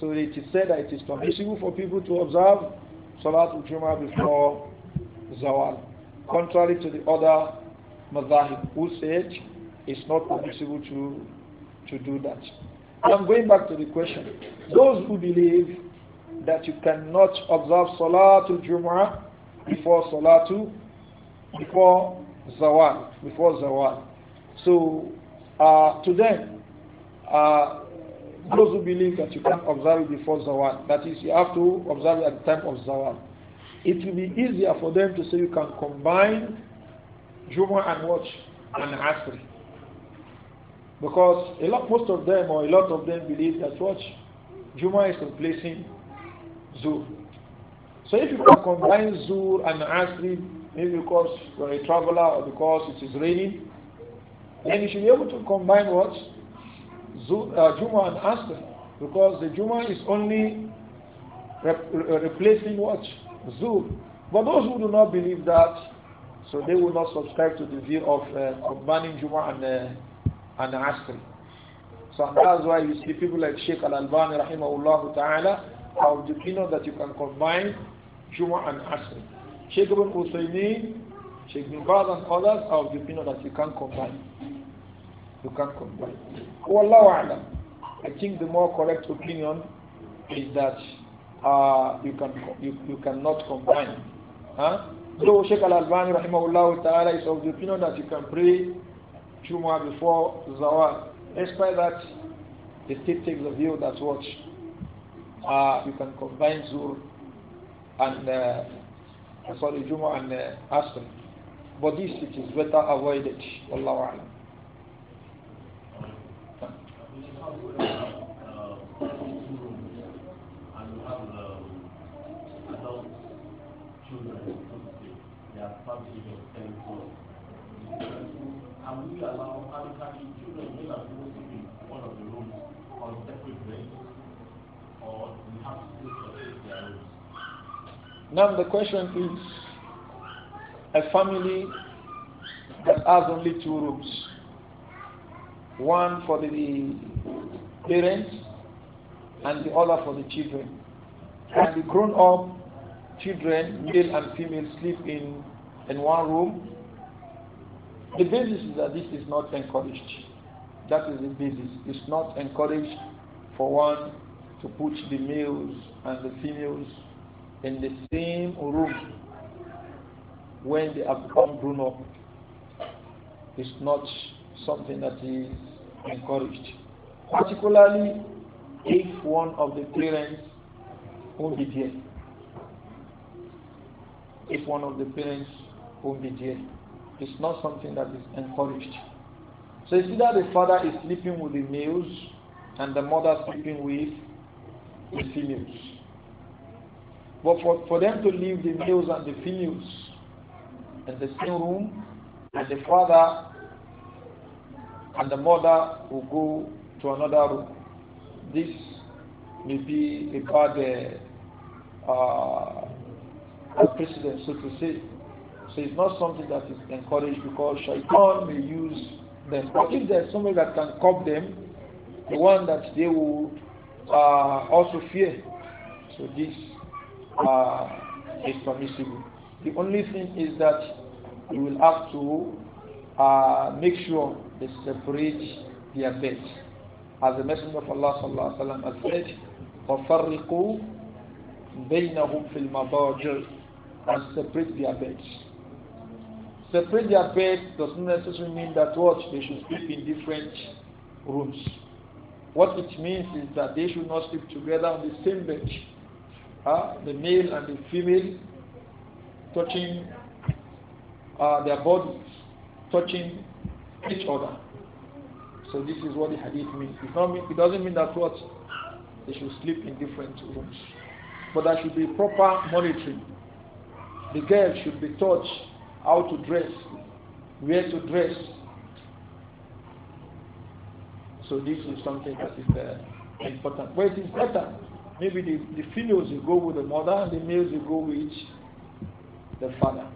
so it is said that it is permissible for people to observe Salatul Juma before Zawal. Contrary to the other Mazahib who said it's not permissible to, to do that. I'm going back to the question. Those who believe that you cannot observe Salatul Jumu'ah before Salatul, before Zawal, before Zawal. So uh, to them, uh, those who believe that you can observe it before Zawal, that is, you have to observe it at the time of Zawal, it will be easier for them to say you can combine Jumu'ah and watch and Asr. Because a lot, most of them or a lot of them believe that watch Jumu'ah is replacing Zuhr. So if you can combine Zuhr and Asri, maybe because you're a traveler or because it is raining, then you should be able to combine what? Zuhr, uh, Juma and Asr. Because the Juma is only replacing what? Zuhr. But those who do not believe that, so they will not subscribe to the view of uh, combining Juma and, uh, and Asr. So that's why you see people like Sheikh Al-Albani rahimahullah ta'ala, do you opinion that you can combine Juma and Asr. Sheikh Ibn Husayni, Sheikh Ibn Baz and others are of the opinion that you can combine. You can combine. Wallahu A'lam. I think the more correct opinion is that uh, you, can, you, you cannot combine. Huh? So Sheikh Al-Albani rahimahullah ta'ala is of the opinion that you can pray Juma before Zawal. Despite that, the state takes the view that what uh, you can combine Zuhr and uh, sorry, Juma and uh, Asr. But this it is better avoided. Wallahu alam. And we allow, children one of the rooms on separate beds? Now the question is, a family that has only two rooms, one for the parents and the other for the children. And the grown-up children, male and female, sleep in, in one room. The basis is that this is not encouraged. That is the basis. It's not encouraged for one to put the males and the females in the same room when they have become grown up is not something that is encouraged. Particularly if one of the parents won't be there. If one of the parents won't be there. It's not something that is encouraged. So it's either the father is sleeping with the males and the mother sleeping with the females. But for, for them to leave the males and the females in the same room, and the father and the mother will go to another room, this may be a bad uh, uh precedent, so to say. So it's not something that is encouraged because shaitan may use them. But if there's somebody that can curb them, the one that they will uh, also fear. So this uh, is permissible. The only thing is that you will have to uh, make sure they separate their beds. As the Messenger of Allah sallallahu alaihi wasallam has said, وَفَرِّقُوا بَيْنَهُمْ فِي الْمَضَاجِرِ And separate their beds. Separate their beds does not necessarily mean that what they should sleep in different rooms. What it means is that they should not sleep together on the same bed. the male and the female touching uh, their bodies, touching each other. So this is what the hadith means. It, mean, it doesn't mean that what they should sleep in different rooms. But there should be proper monitoring. The girl should be taught how to dress, where to dress, so this is something that is uh, important. Well, it is better. Maybe the, the females will go with the mother and the males will go with the father.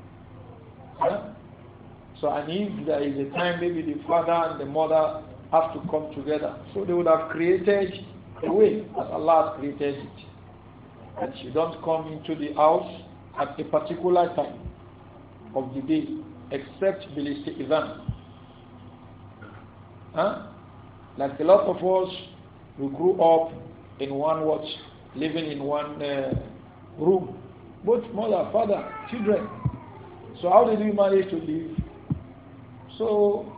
So and if there is a time maybe the father and the mother have to come together. So they would have created a way as Allah has created it. That you don't come into the house at a particular time of the day except Bilis Ivan. Huh? Like a lot of us, we grew up in one watch, living in one uh, room. Both mother, father, children. So how did we manage to live? So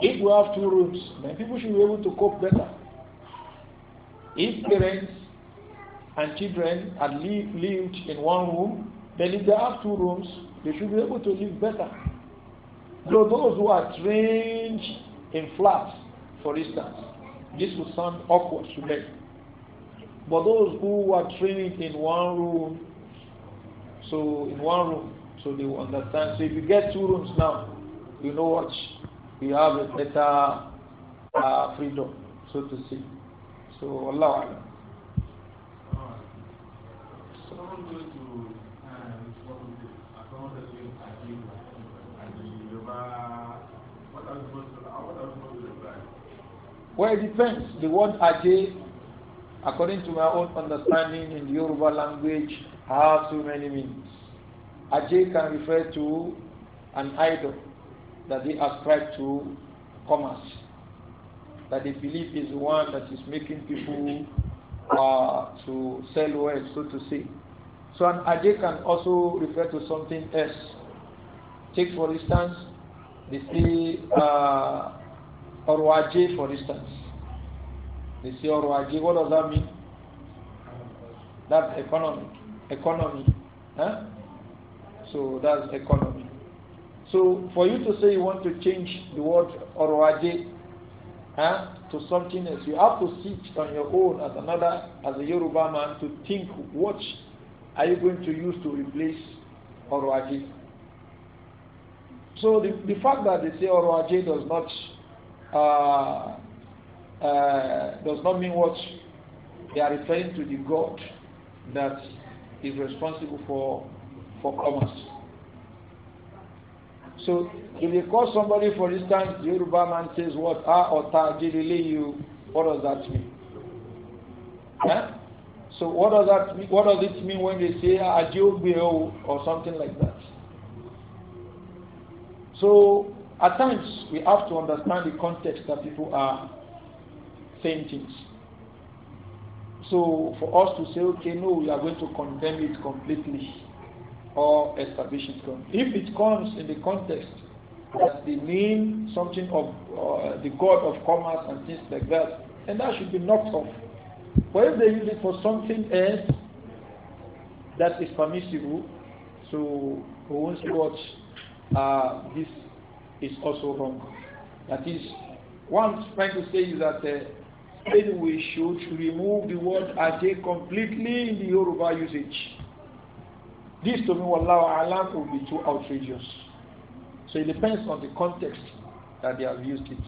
if we have two rooms, then people should be able to cope better. If parents and children had live, lived in one room, then if they have two rooms, they should be able to live better. So those who are trained in flats, for instance, this would sound awkward to them. But those who are trained in one room, so in one room, so they will understand. So if you get two rooms now, you know what? You have a better uh, freedom, so to say. So Allah. Allah. So, Well, it depends. The word Ajay, according to my own understanding in the Yoruba language, has so many meanings. Ajay can refer to an idol that they ascribe to commerce, that they believe is the one that is making people uh, to sell well, so to say. So an Ajay can also refer to something else. Take for instance, the say, uh, Orwaji, for instance. They say Orwaji, what does that mean? That's economy, Economy. Huh? So that's economy. So for you to say you want to change the word Orwaji huh, to something else, you have to sit on your own as another, as a Yoruba man, to think what are you going to use to replace Orwaji. So the, the fact that they say Orwaji does not uh, uh, does not mean what they are referring to the God that is responsible for for commerce. So if you call somebody, for instance, the Yoruba man says what ah or ta you, what does that mean? Huh? So what does that mean? what does it mean when they say ah, ajiobeo or something like that? So at times, we have to understand the context that people are saying things. So for us to say, okay, no, we are going to condemn it completely or establish it If it comes in the context that they mean something of uh, the god of commerce and things like that, and that should be knocked off. But if they use it for something else that is permissible, so we won't watch uh, this is also wrong. That is, one trying to say is that uh, maybe we should remove the word ajay completely in the Yoruba usage. This to me, Wallahu Alam, will be too outrageous. So it depends on the context that they have used it.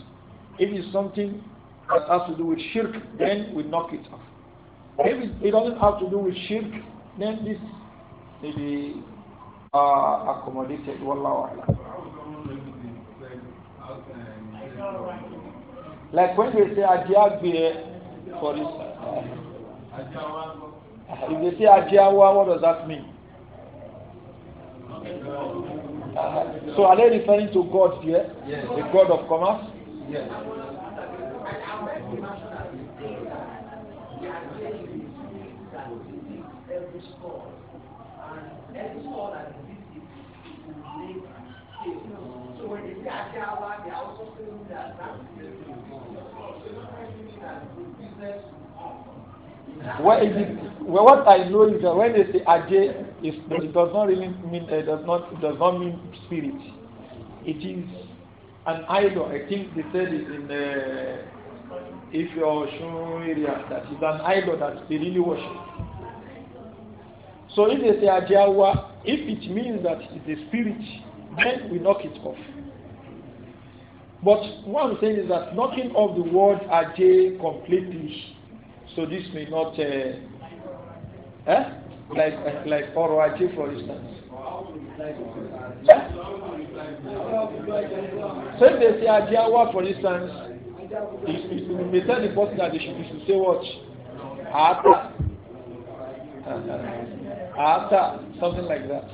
If it's something that has to do with shirk, then we knock it off. If it doesn't have to do with shirk, then this may be uh, accommodated. Wallahu Alam. Like when they say Ajiagbe, e, for instance. Uh, if they say Ajiawa, what does that mean? Uh, so are they referring to God here? Yes. The God of commerce? Yes. So when they say Ajiawa, they are also Where is it? Well, what I know is that when they say Ajay, it does not really mean it uh, does not it does not mean spirit. It is an idol. I think they said it in the uh, if area that is an idol that they really worship. So if they say Ajawa, if it means that it's a spirit, then we knock it off. But what I'm saying is that nothing of the word ajay completely. So this may not, uh, eh? like uh, like oro ajay for instance. Yeah? So if they say ajawa for instance, you may tell the person that they should, they should say what? Ata. Uh-huh. Ata, something like that.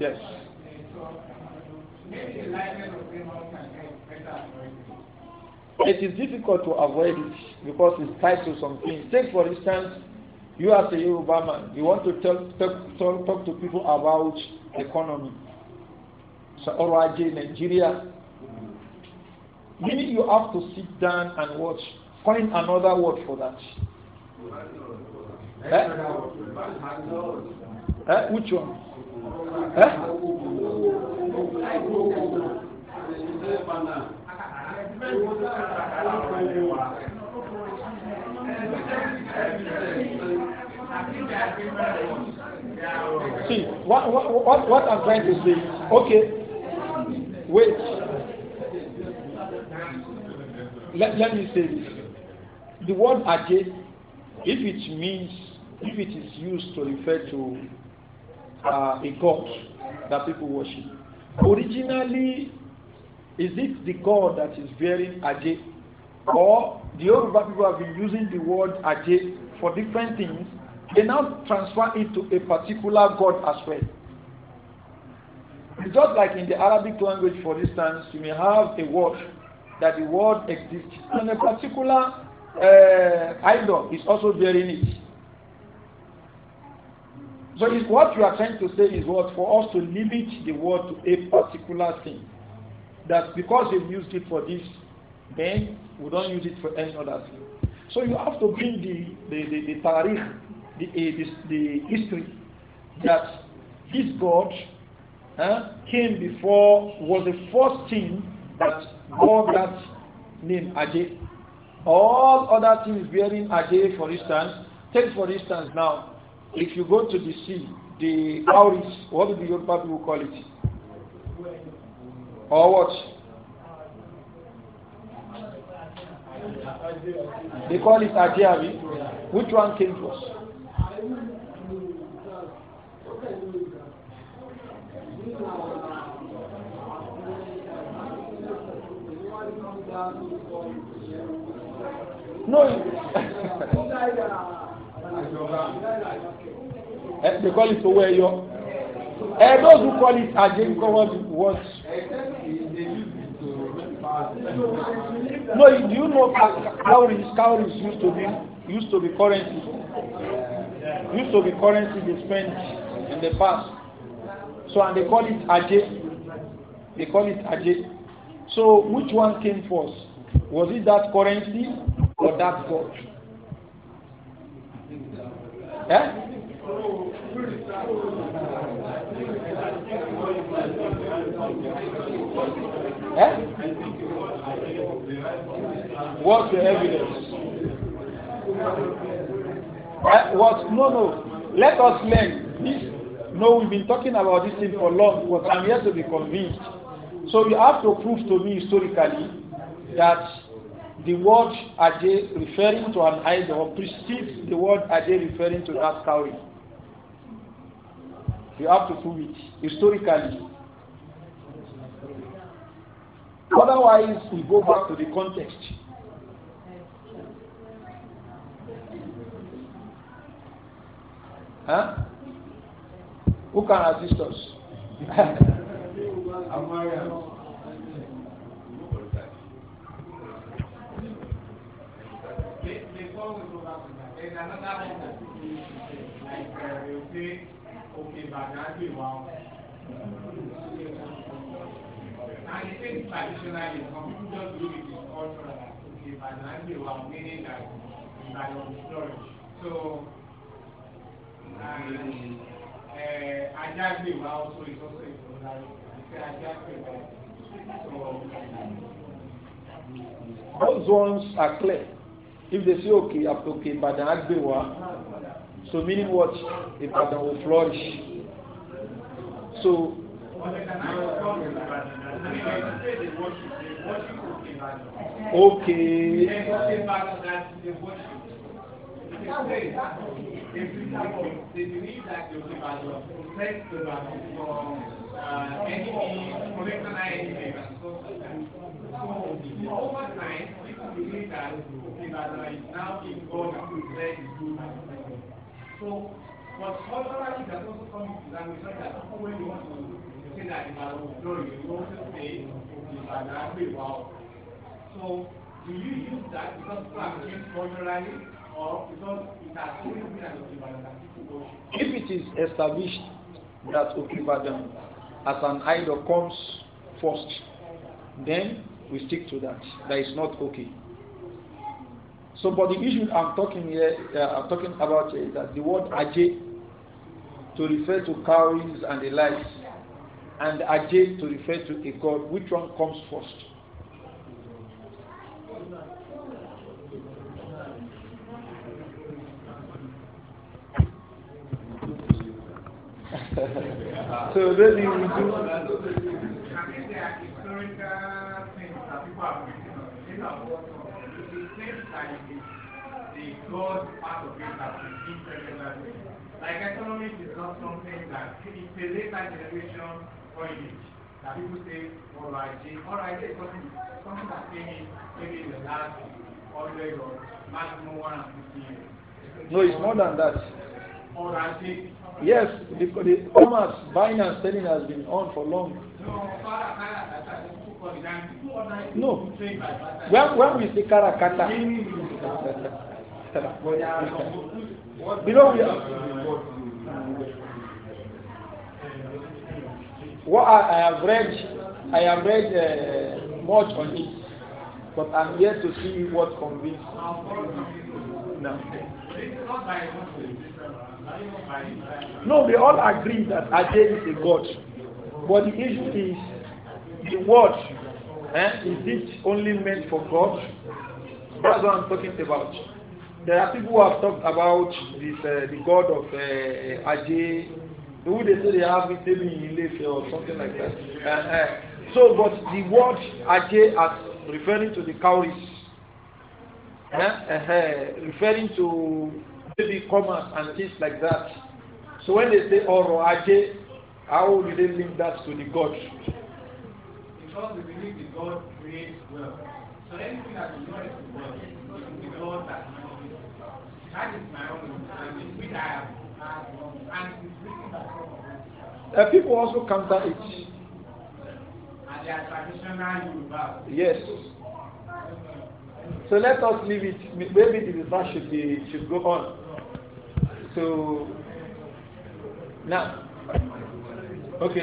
Yes. It is difficult to avoid it because it's tied to some things. Take for instance, you as a Yoruba man, you want to talk, talk, talk, talk to people about economy. So, Oroaje, Nigeria. maybe you have to sit down and watch. Find another word for that. Eh? Eh? Which one? See, what, what, what what I'm trying to say, okay, wait. Let, let me say this. The word ajay, if it means, if it is used to refer to uh, a god that people worship. Originally, is it the god that is bearing Ajay? Or the Yoruba people have been using the word Ajay for different things. They now transfer it to a particular god as well. It's just like in the Arabic language, for instance, you may have a word that the word exists, and a particular uh, idol is also bearing it. So it's what you are trying to say is what for us to limit the word to a particular thing. That because we've used it for this, then we don't use it for any other thing. So you have to bring the the the, the tarikh, the, eh, the history that this God came before was the first thing that bore that name Ajay. All other things bearing Ajay, for instance, take for instance now if you go to the sea, the auris, what do the Yoruba people call it? Or what? They call it Ajiabi. Which one came first? No. they call it owó ẹyọ. Eh, those who call it ajé nǹkan wọ́n ti wọ́n. No, do you know cowries cowries used to be used to be currency used to be currency they spent in the past so and they call it ajé they call it ajé so which one came first was it that currency or that god ẹ. ẹ. what's the evidence. Uh, what no no let us learn this no we've been talking about this thing for long but i'm here to be convinced so you have to prove to me historically that the word are referring to an idol precedes the word are referring to that cowrie. You have to prove it historically. Otherwise, we go back to the context. Huh? Who can assist us? there's another one that is like uh, they will say, okay, but now we traditionally, some people it is cultural, like, okay, but now we want, meaning that Ibadan will flourish. So, and uh, Ajagbewa also is also a colonial. They say Ajagbewa. So, those ones are clear. If they say, okay, after okay, Ibadan Agbewa, so meaning what? Ibadan will flourish. So, okay. that is now in God and So, but culturally, also language that. when you want to say that glory, you also say wow. So, do you use that because people changed culturally or because it has always been an that people worship? If it is established that Ibadan as an idol comes first, then we stick to that. That is not okay. So, but the issue I'm talking here, uh, I'm talking about is that the word ajay to refer to cowries and the likes, and ajay to refer to a god. Which one comes first? so maybe we do. same time the God part of it that been give Like economics is not something that it's a later generation coinage that people say ọrọ̀-ajé ọrọ̀-ajé is something something that came in maybe in the last hundred or maximum one and fifty years. No, it's more than that. Ọrọ̀-ajé. Yes, the, the commerce, buying selling has been on for long. No, No. When, when we say karakata, below we what I, I have read, I have read uh, much on it, but I'm here to see what convinced. No. No, we all agree that Ajay is a god, but the issue is the word eh, is it only meant for God? That's what I'm talking about. There are people who have talked about this, uh, the God of uh, Ajay, who they say they have it maybe in Ilefe or something like that. Uh, uh so, but the word Ajay as referring to the cowries, eh, uh, uh, referring to maybe commerce and things like that. So when they say Oro Ajay, how do they link that to the God? because we believe that God creates wealth. So anything that is know is wealth, it's the God that creates wealth. That is my own understanding, which I have had, and it's written people also counter it. And they are traditional Yoruba. Yes. So let us leave it. Maybe the verse should be should go on. So now, okay.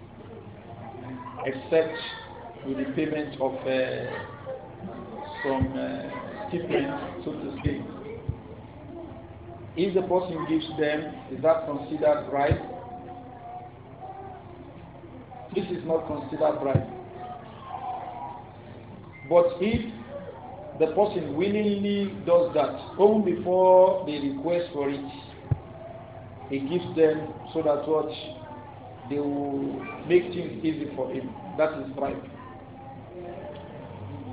except with the payment of uh, some uh, stipend, so to speak. If the person gives them, is that considered right? This is not considered right. But if the person willingly does that, even before they request for it, he gives them so that what they will make things easy for him. That is right.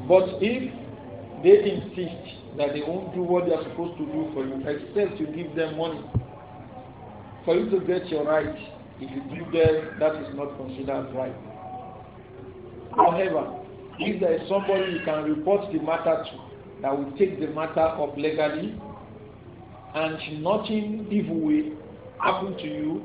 But if they insist that they won't do what they are supposed to do for you, except you give them money, for you to get your right, if you give them, that is not considered right. However, if there is somebody you can report the matter to that will take the matter up legally and nothing evil will happen to you,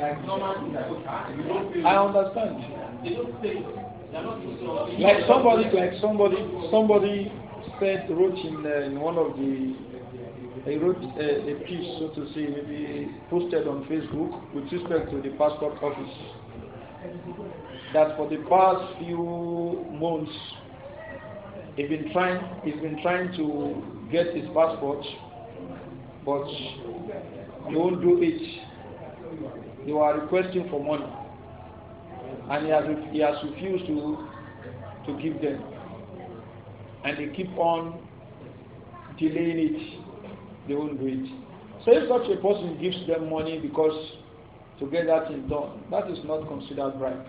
I understand. Like somebody, like somebody, somebody said, wrote in, uh, in one of the, he wrote uh, a piece, so to say, maybe posted on Facebook with respect to the passport office. That for the past few months, he's been trying, he's been trying to get his passport, but he won't do it they were requesting for money. And he has, he has refused to, to give them. And they keep on delaying it. They won't do it. So if such a person gives them money because to get that thing done, that is not considered bribe.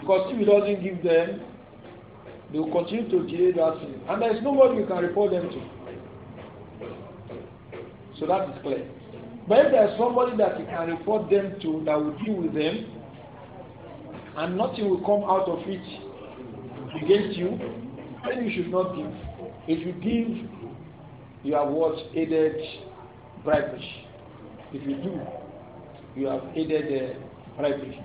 Because if he doesn't give them, they will continue to delay that thing. And there is nobody you can report them to. So that is clear. But if there is somebody that you can report them to that will deal with them, and nothing will come out of it against you, then you should not give. If you give, you have what aided bribery. If you do, you have aided the uh, bribery.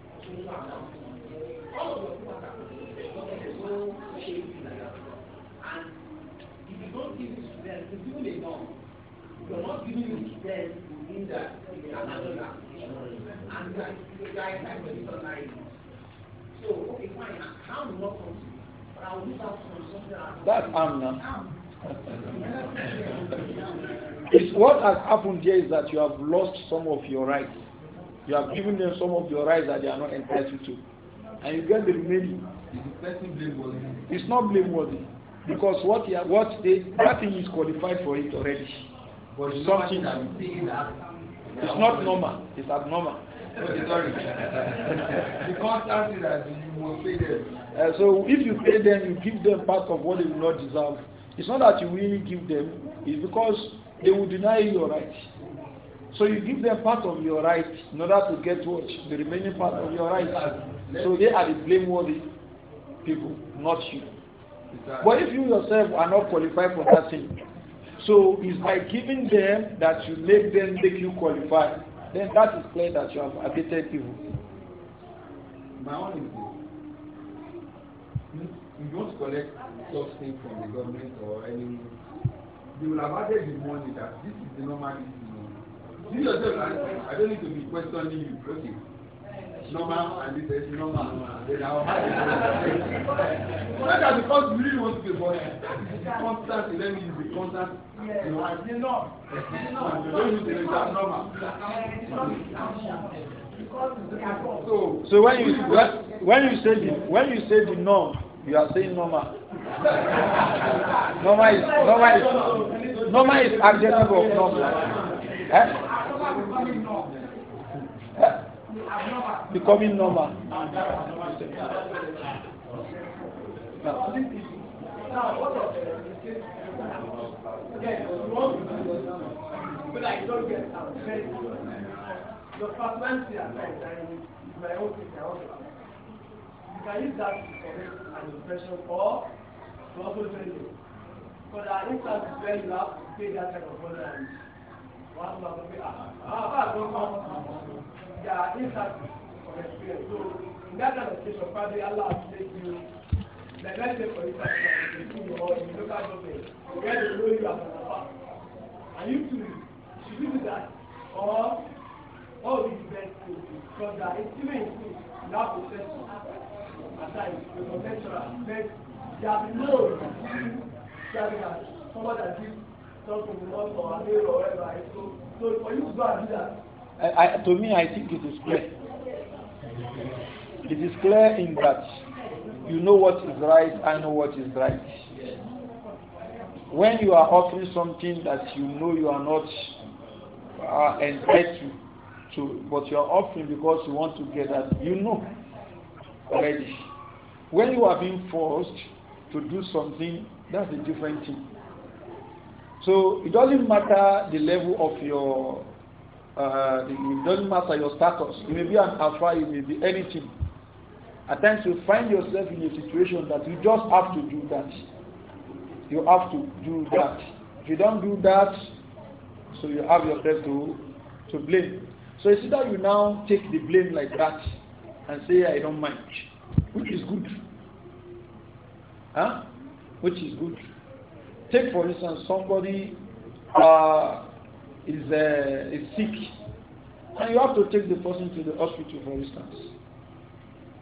you That's Amna. it's what has happened here is that you have lost some of your rights. You have given them some of your rights that they are not entitled to. And you get the remaining. It's not blameworthy. Because what he, what they, that thing is qualified for it already. But it's something that it's not normal, it's abnormal. Okay, sorry. the contract is that you will pay them. Uh, so if you pay them, you give them part of what they will not deserve. It's not that you really give them, it's because they will deny you your rights. So you give them part of your right in order to get what? The remaining part of your right. So they are the blameworthy people, not you. But if you yourself are not qualified for that thing, so it's by giving them that you make them make you qualify. Then that is clear that you have abated evil. My own is you don't collect something from the government or any. You will have added the money that this is the normal you yourself i i don't need to be questioning you okay normal and uh, this is normal then our heart is normal why that because you really want to be for him constant let me be constant you know as you know and you don't use the word normal. So, so when you when you say the when you say the norm, you are saying normal. normal is normal is normal is adjective of normal. Eh? becoming normal. Now, what of the but I don't get out. The personality oh, at times, my own thing, my own You can use that to correct an impression or to also train you. Because at instance, when you have to pay that type of money and one of them, ah, ah, ah, their insight or experience. So in that kind of situation, probably Allah will take you. the best say for instance, like in the or in local government, where they know you as an alpha. And you too, should you do that? Or all these best things because they are even not food, you to test at times, the potential aspect, they have known that someone that gives something to us or a meal or whatever. So, so for you to go and do that, I, I, to me, I think it is clear. It is clear in that you know what is right, I know what is right. When you are offering something that you know you are not uh, entitled to, but you are offering because you want to get that, you know already. When you are being forced to do something, that's a different thing. So it doesn't matter the level of your uh, it doesn't matter your status. It may be an alpha, It may be anything. At times you find yourself in a situation that you just have to do that. You have to do that. If you don't do that, so you have yourself to, to blame. So it's either you now take the blame like that and say, I don't mind, which is good. Huh? Which is good. Take, for instance, somebody uh, is, uh, is sick, and you have to take the person to the hospital, for instance,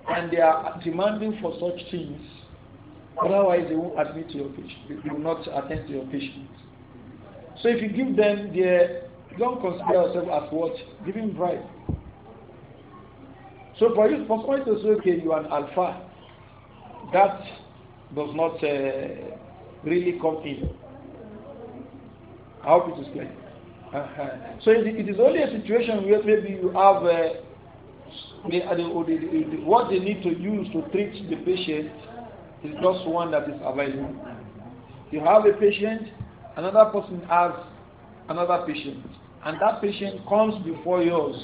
and they are demanding for such things, otherwise they won't admit your patient, they will not attend to your patient. So if you give them the, don't consider yourself as what? Giving bribe. So for you, for someone to say, okay, you are an alpha, that does not uh, really come in. I hope it is clear. Uh-huh. So it is only a situation where maybe you have uh, what they need to use to treat the patient is just one that is available. You have a patient, another person has another patient, and that patient comes before yours.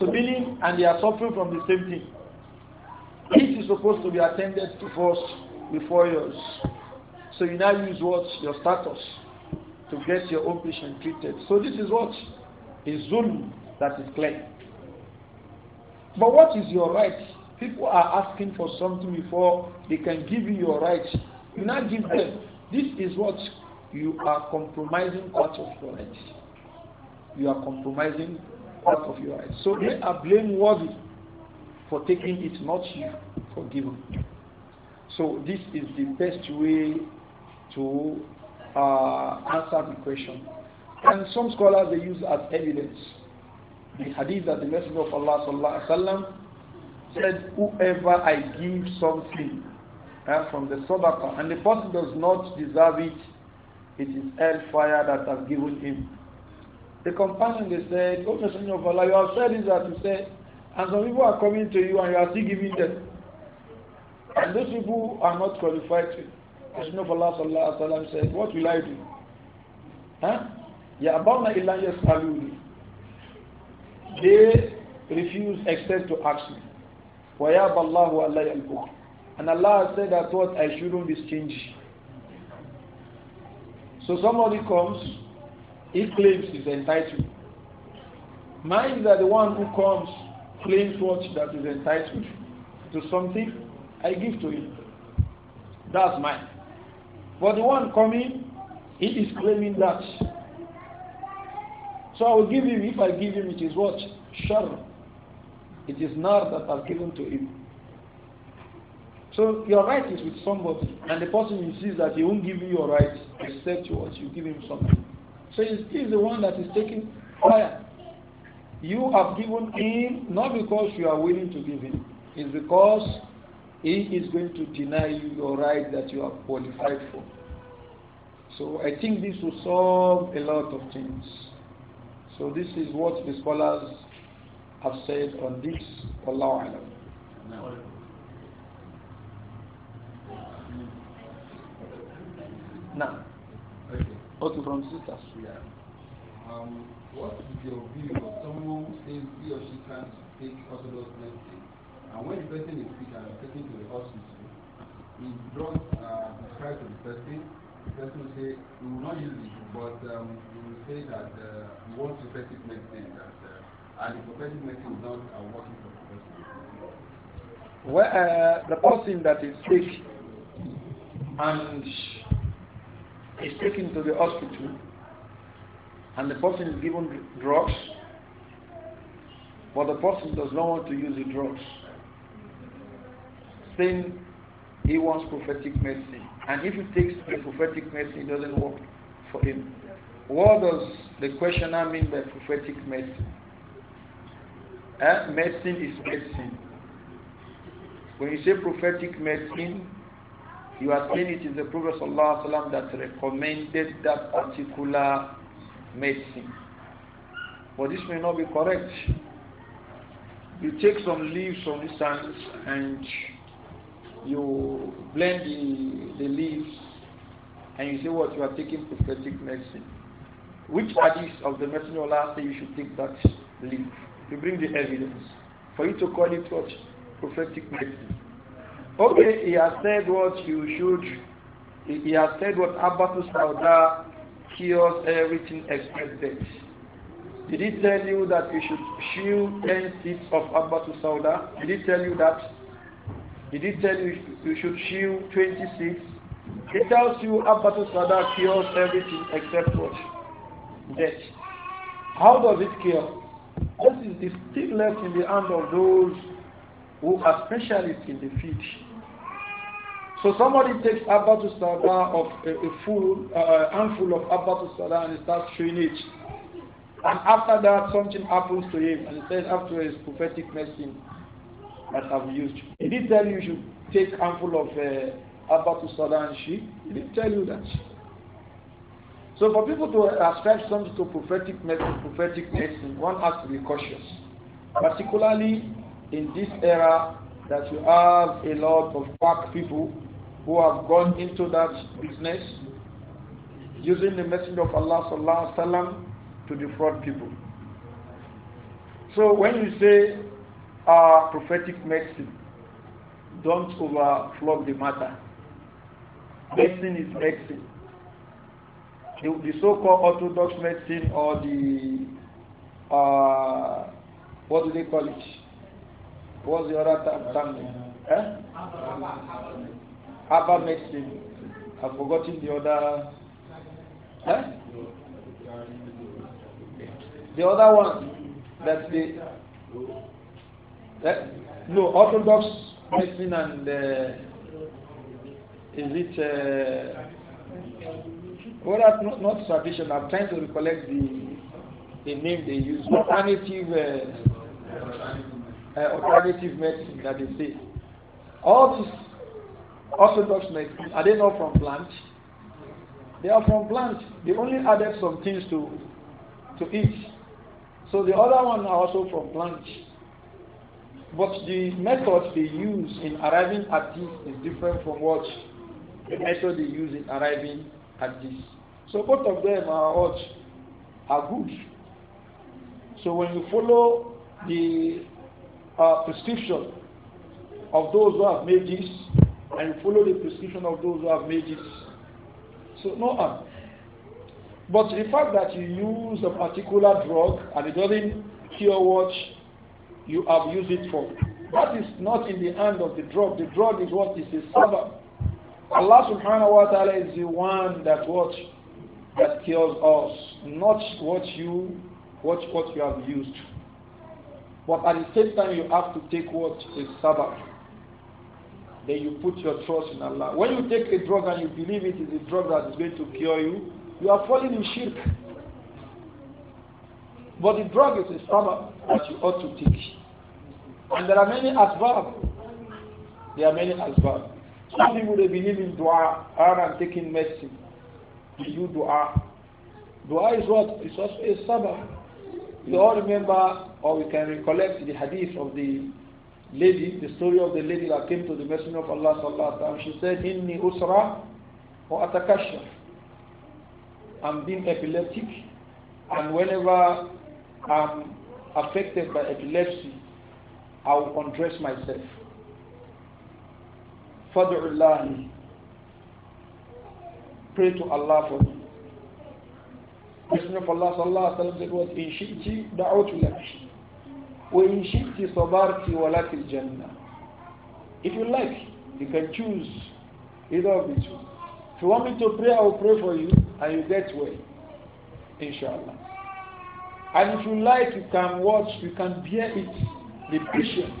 So and they are suffering from the same thing. It is supposed to be attended to first before yours. So you now use what? Your status to get your own patient treated. So this is what is zulm that is clear. But what is your right? People are asking for something before they can give you your right. You not give them. This is what you are compromising part of your right. You are compromising part of your right. So they are blameworthy for taking it, not you for giving. So this is the best way to uh, answer the question. And some scholars they use as evidence the hadith that the Messenger of Allah sallallahu alaihi wasallam said, "Whoever I give something uh, from the sadaqah and the person does not deserve it, it is hellfire that I've given him." The companion they said, "Oh Messenger of Allah, you have said this that you said, and some people are coming to you and you are still giving them, and those people are not qualified to." Messenger of Allah sallallahu alaihi wasallam said, "What will I do? Huh? Ya'bawna illa yas'aluni." They refuse except to ask me. Wa ya'ballahu alla yalbukh. And Allah said "I what I shouldn't be stingy. So somebody comes, he claims his entitled. Mind that the one who comes claims what that is entitled to something, I give to him. That's mine. But the one coming, he is claiming that. So I will give him, if I give him, it is what? Shar. It is nar that I've given to him. So your right is with somebody, and the person insists that he won't give you your right except what you give him something. So he is the one that is taking fire. You have given him not because you are willing to give him, it's because he is going to deny you your right that you are qualified for. So I think this will solve a lot of things. So this is what the scholars have said on this. Allah Now, okay. okay, from sisters. Yeah. Um, what is your view of someone who says he or she can't take Orthodox medicine and when the person is sick and uh, taken to the hospital, he drugs are uh, prescribed to the person. The person will say, we will not use it, but um, we will say that uh, wants want prophetic medicine, that, uh, and the prophetic medicine is not uh, working for the person. Well, uh, the person that is sick and is taken to the hospital, and the person is given drugs, but the person does not want to use the drugs saying he wants prophetic mercy. And if he takes the prophetic mercy, it doesn't work for him. What does the questioner mean by prophetic mercy? Eh? Medicine is medicine. When you say prophetic medicine, you are saying it is the Prophet ﷺ that recommended that particular medicine. But this may not be correct. You take some leaves, for instance, and you blend the, the leaves and you say what you are taking prophetic medicine. Which hadith of the Messenger of say you should take that leaf? You bring the evidence for you to call it what prophetic medicine. Okay, he has said what you should. He has said what Abbas Sauda cures everything except death. Did he tell you that you should chew 10 seeds of Abbas Sauda? Did he tell you that? Did he tell you you should shield 26? He tells you Abbatul Sada cures everything except what? Death. How does it cure? This is the still left in the hand of those who are specialists in the field. So somebody takes Abbatul Sada of a, a full uh, handful of Abbatul Sada and starts chewing it. And after that, something happens to him, and he says, after his prophetic medicine, that have used. He did tell you you should take handful of uh, Abatu and she. He did tell you that. So for people to ascribe something to prophetic medicine, prophetic medicine, one has to be cautious. Particularly in this era that you have a lot of quack people who have gone into that business using the messenger of Allah sallallahu alaihi wasallam to defraud people. So when you say our prophetic medicine. Don't overflood the matter. Medicine is medicine. The, the so-called orthodox medicine or the uh, what do they call it? What's the other term? term? Eh? medicine. I've forgotten the other. Eh? The other one that the Eh, no, Orthodox medicine and uh, is it uh, well, not, not tradition. I'm trying to recollect the the name they use. Alternative uh, uh, alternative medicine that they say. All these Orthodox medicine are they not from plants? They are from plants. They only added some things to to eat. So the other one are also from plants. But the method they use in arriving at this is different from what the method they use in arriving at this. So both of them are what are good. So when you follow the uh, prescription of those who have made this, and you follow the prescription of those who have made this, so no harm. But the fact that you use a particular drug and it doesn't cure what you have used it for. That is not in the hand of the drug. The drug is what is a sabab. Allah subhanahu wa ta'ala is the one that what that kills us, not what you what what you have used. But at the same time you have to take what is sabab. Then you put your trust in Allah. When you take a drug and you believe it is a drug that is going to cure you, you are falling in shirk. But the drug is a sabab that you ought to take. And there are many asbab. There are many asbab. Some people they believe in dua and taking medicine. Do you dua. Dua is what? It's also a sabah. We all remember or we can recollect the hadith of the lady, the story of the lady that came to the Messenger of Allah sallallahu alaihi wasallam. She said, "Inni usra or atakasha, I'm being epileptic, and whenever I'm affected by epilepsy, I will undress myself. Father, Fadu'ullahi. Pray to Allah for me. Messenger of Allah sallallahu alaihi wasallam said what? In shi'ti da'utu lak. Wa in shi'ti sabarti wa jannah. If you like, you can choose either of the two. If you want me to pray, I will pray for you and you get well. Inshallah. And if you like, you can watch, you can bear it. Be patient.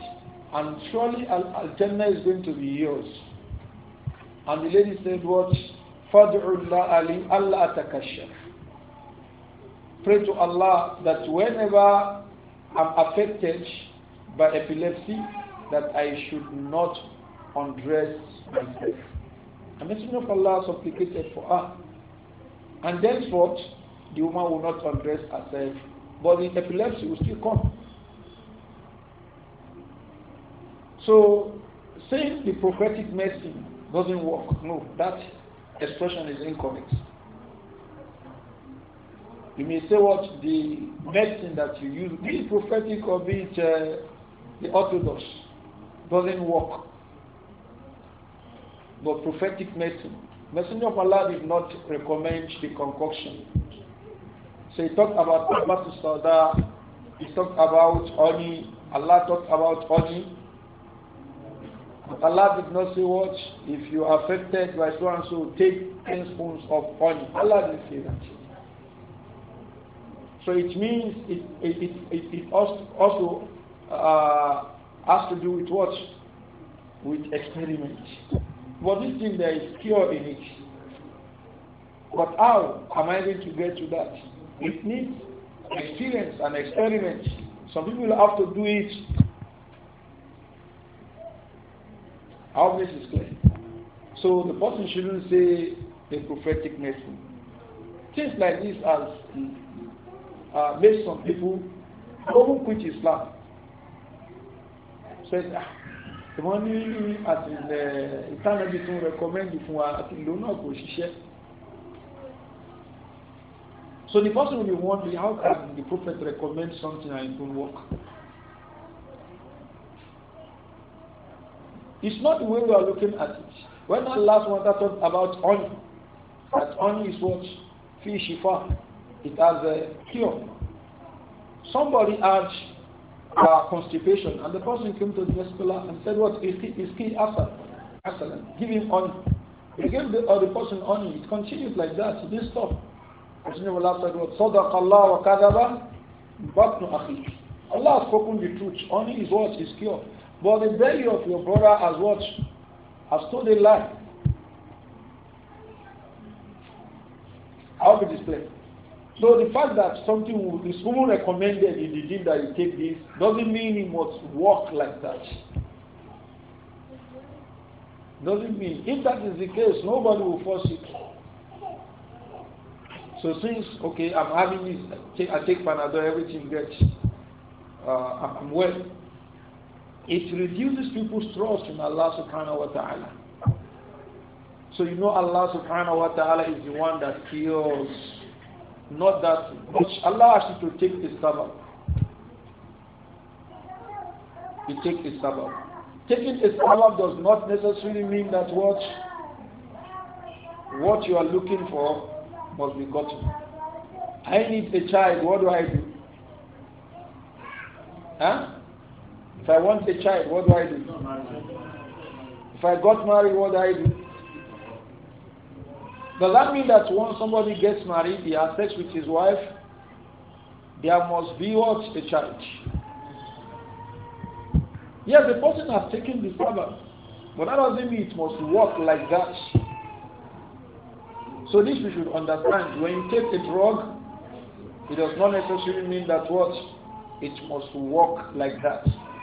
And surely Al-Jannah is going to be yours. And the lady said, What? Allah اللَّهَ Allah أَتَكَشَّفْ Pray to Allah that whenever I'm affected by epilepsy, that I should not undress myself. The Messenger of Allah supplicated for her. And thenceforth, the woman will not undress herself, but the epilepsy will still come. So saying the prophetic medicine doesn't work, no, that expression is incorrect. You may say what the medicine that you use, be it prophetic or be it uh, the orthodox, doesn't work. But prophetic medicine, Messenger of Allah did not recommend the concoction. So he talked about Abbasu Sada, he talked about honey, Allah talked about honey, Allah did not say what? If you are affected by so and so, take 10 spoons of honey. Allah didn't say that. So it means it, it, it, it, also uh, has to do with what? With experiment. But this thing there is pure in it. But how am I going to get to that? It needs experience and experiment. Some people have to do it I hope this is clear. So the person shouldn't say a prophetic message. Things like this has uh, made some people even quit Islam. Said, ah, the money at the time between recommend if you are at the So the person will be wondering how can the prophet recommend something and it won't work? It's not the way we are looking at it. When Allah SWT talked about honey, that honey is what? Fi shifa. It has a cure. Somebody had uh, constipation and the person came to the hospital and said, what is he? Is he excellent? Excellent. Give him honey. He gave the, person honey. It continues like that. It didn't stop. Messenger of Allah said, what? Allah wa kadaba batnu akhi. Allah has spoken the truth. Honey is what is cure. But the belly of your brother has what? Has told a lie. How to display? So the fact that something is woman recommended in the gym that you take this doesn't mean it must work like that. Doesn't mean. If that is the case, nobody will force it. So since okay, I'm having this, I take, I take Panadol, everything gets, uh, I'm well. It reduces people's trust in Allah subhanahu wa ta'ala. So you know Allah subhanahu wa ta'ala is the one that heals, not that which Allah has to take the sabbath. You take the sabbath. Taking the sabbath does not necessarily mean that what what you are looking for must be gotten. I need a child, what do I do? Huh? If I want a child, what do I do? If I got married, what do I do? Does that mean that once somebody gets married, he has sex with his wife, there must be what? A child. Yes, the person has taken the Sabbath, but that doesn't mean it must work like that. So this we should understand. When you take a drug, it does not necessarily mean that what? It must work like that.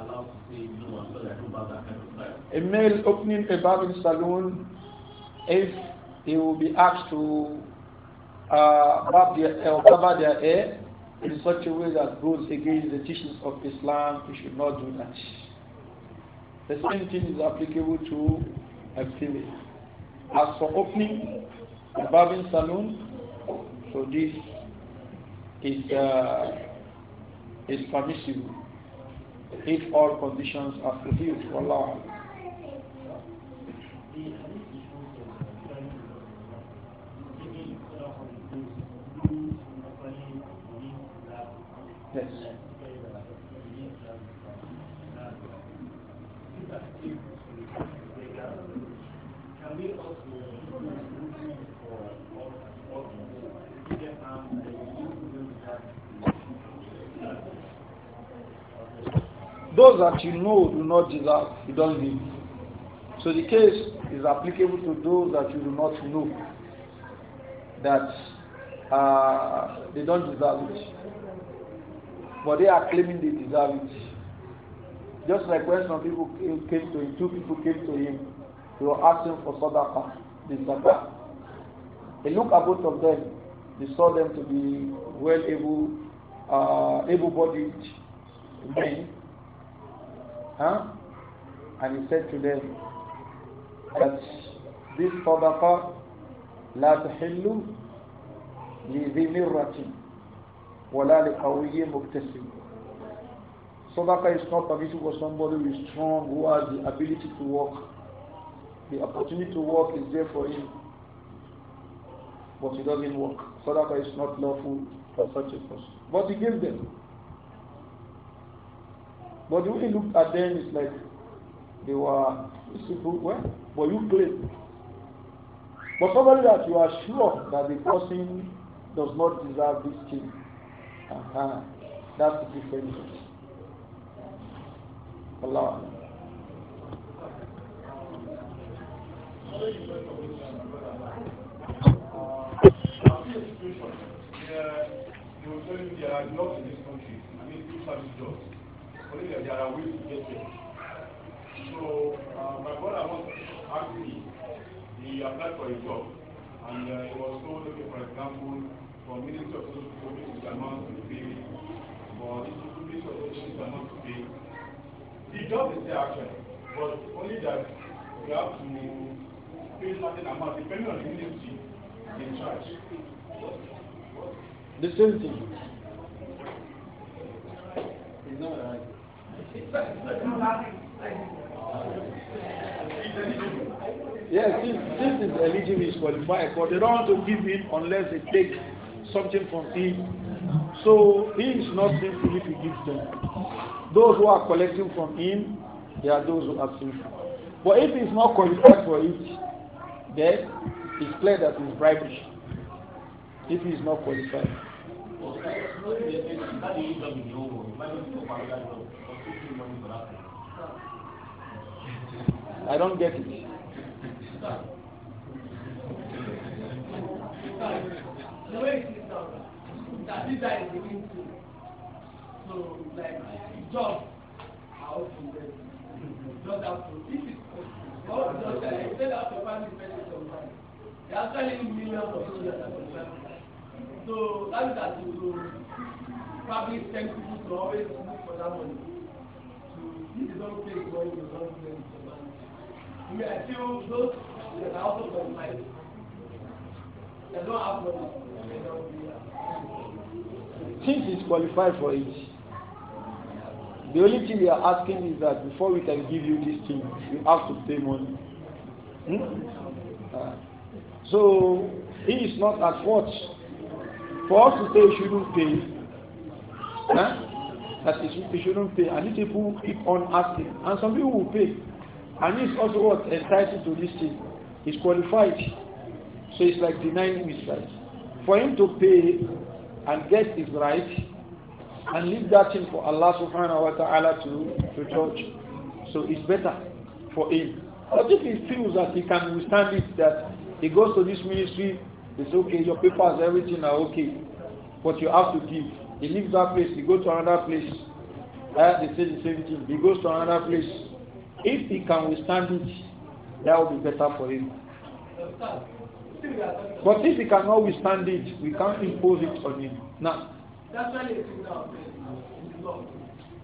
A male opening a barbering saloon, if he will be asked to uh, barb their, uh, cover their hair in such a way that goes against the teachings of Islam, he should not do that. The same thing is applicable to a female. As for opening a barbering saloon, so this is uh, is permissible if all conditions are fulfilled. Wallahu Yes. Those that you know do not deserve, you don't give. So the case is applicable to those that you do not know that uh, they don't deserve it. But they are claiming they deserve it. Just like when some people came to him, two people came to him, they were asking for sadaqah, the zakah. He looked at both of them. He saw them to be well able, uh, able-bodied men Huh? And he said to them that this sadaqah لا تحل لذي مرة ولا لقوي مكتسب Sadaqah is not permitted for somebody who is strong, who has the ability to work. The opportunity to work is there for him, but he doesn't work. Sadaqah is not lawful for such a person. But he gave them. But the way he looked at them is like they were simple. Well, but you claim. But somebody that you are sure that the person does not deserve this thing, uh -huh. that's the difference. Allah. Uh, they were telling me there are jobs in this country. I mean, two service jobs. that are onílẹ̀ to get jẹ́jẹ́ so uh, my brother was me. he applied for a job and uh, he was told okay for example for ministry of social services is amount to pay for this ministry of social services is amount to pay the job is there actually but only that you have to pay certain amount depending on the ministry in charge. The same thing. It's not right. Yes, this, this is eligible, is qualified, but they don't want to give him unless they take something from him. So he is not sinful if he gives them. Those who are collecting from him, they are those who are sinful. But if he's not qualified for it, then it's clear that he's bribery. If he's not qualified. I don't get it. So, like, jobs are often very not that true. If it's God does that, he to family person sometimes. They are millions of dollars So that is that you will to always look for that money. So this is don't pay money, you don't pay you are still those that are also qualified. They don't have Since he's qualified for it, the only thing we are asking is that before we can give you this thing, you have to pay money. Hmm? Uh, so he is not at fault. For us to say he shouldn't pay, huh? that he shouldn't pay, and these people keep on asking, and some people will pay. And he's also what? Entitled to this thing. He's qualified. So it's like denying him his right. For him to pay and get his right and leave that thing for Allah subhanahu wa ta'ala to, to judge. So it's better for him. But if he feels that he can withstand it, that he goes to this ministry, it's okay, your papers, everything are okay. But you have to give. He leaves that place, he goes to another place. Uh, they say the same thing. He goes to another place. If he can withstand it, that will be better for him. But if he cannot withstand it, we can't impose it on him. Now,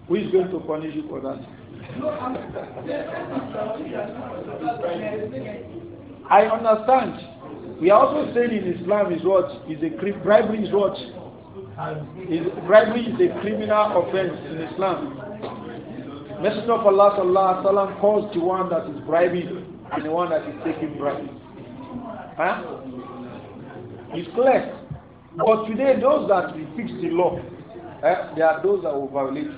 who is going to punish you for that? I understand. We are also saying in Islam is what is a bribery is what is bribery is a criminal offense in Islam. Messenger of Allah sallallahu alaihi wasallam calls the one that is bribing and the one that is taking bribes. Huh? It's clear. But today, those that we fix the law, eh, they are those that will violate it.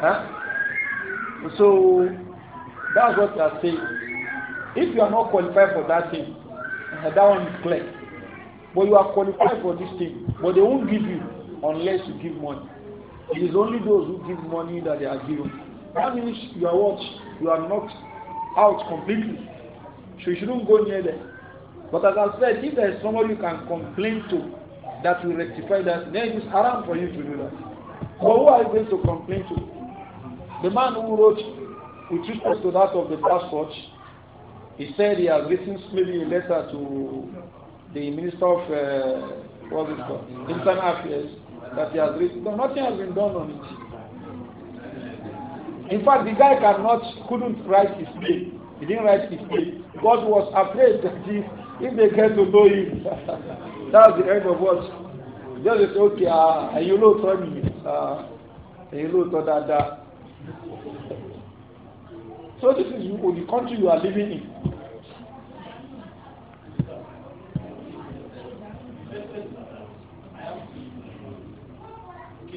Huh? So that's what they are saying. If you are not qualified for that thing, eh, that one is clear. But you are qualified for this thing, but they won't give you unless you give money. It is only those who give money that they are given. That means you are what? You are not out completely. So you shouldn't go near them. But as I said, if there is somebody you can complain to that will rectify that, then it is haram for you to do that. But who are you going to complain to? The man who wrote with respect to that of the passport, he said he has written maybe a letter to the Minister of uh, what is it called? Internal Affairs that he has written. No, nothing has been done on it. In fact, the guy cannot, couldn't write his name. He didn't write his name God was afraid that if, if they get to know him, that's the end of what. Just say, okay, ah, you me, olóòótọ́ you ah, ẹ̀yin olóòótọ́ dáadáa. So this is the country you are living in.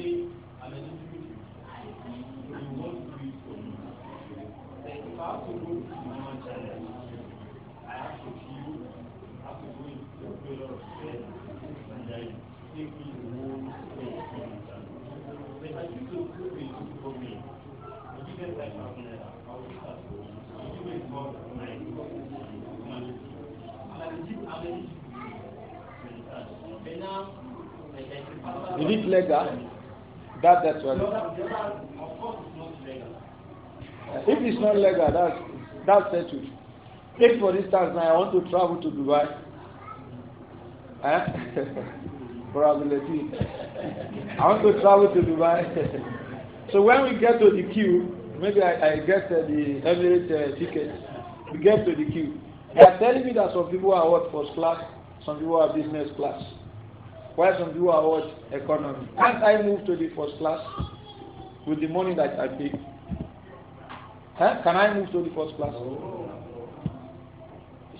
pay an So you want to do it for me. if I have to go to I have to I have to go into a of and then take me the whole I to for me, I start to go. more than my I legal? That, that's what. If it's not legal, that's, that's settled. Take for instance, now I want to travel to Dubai. Probability. Eh? I want to travel to Dubai. so when we get to the queue, maybe I, I get uh, the Emirates uh, ticket. We get to the queue. They are telling me that some people are what first class, some people are business class. Why some not you what? Economy. Can't I move to the first class with the money that I pay? Huh? Can I move to the first class?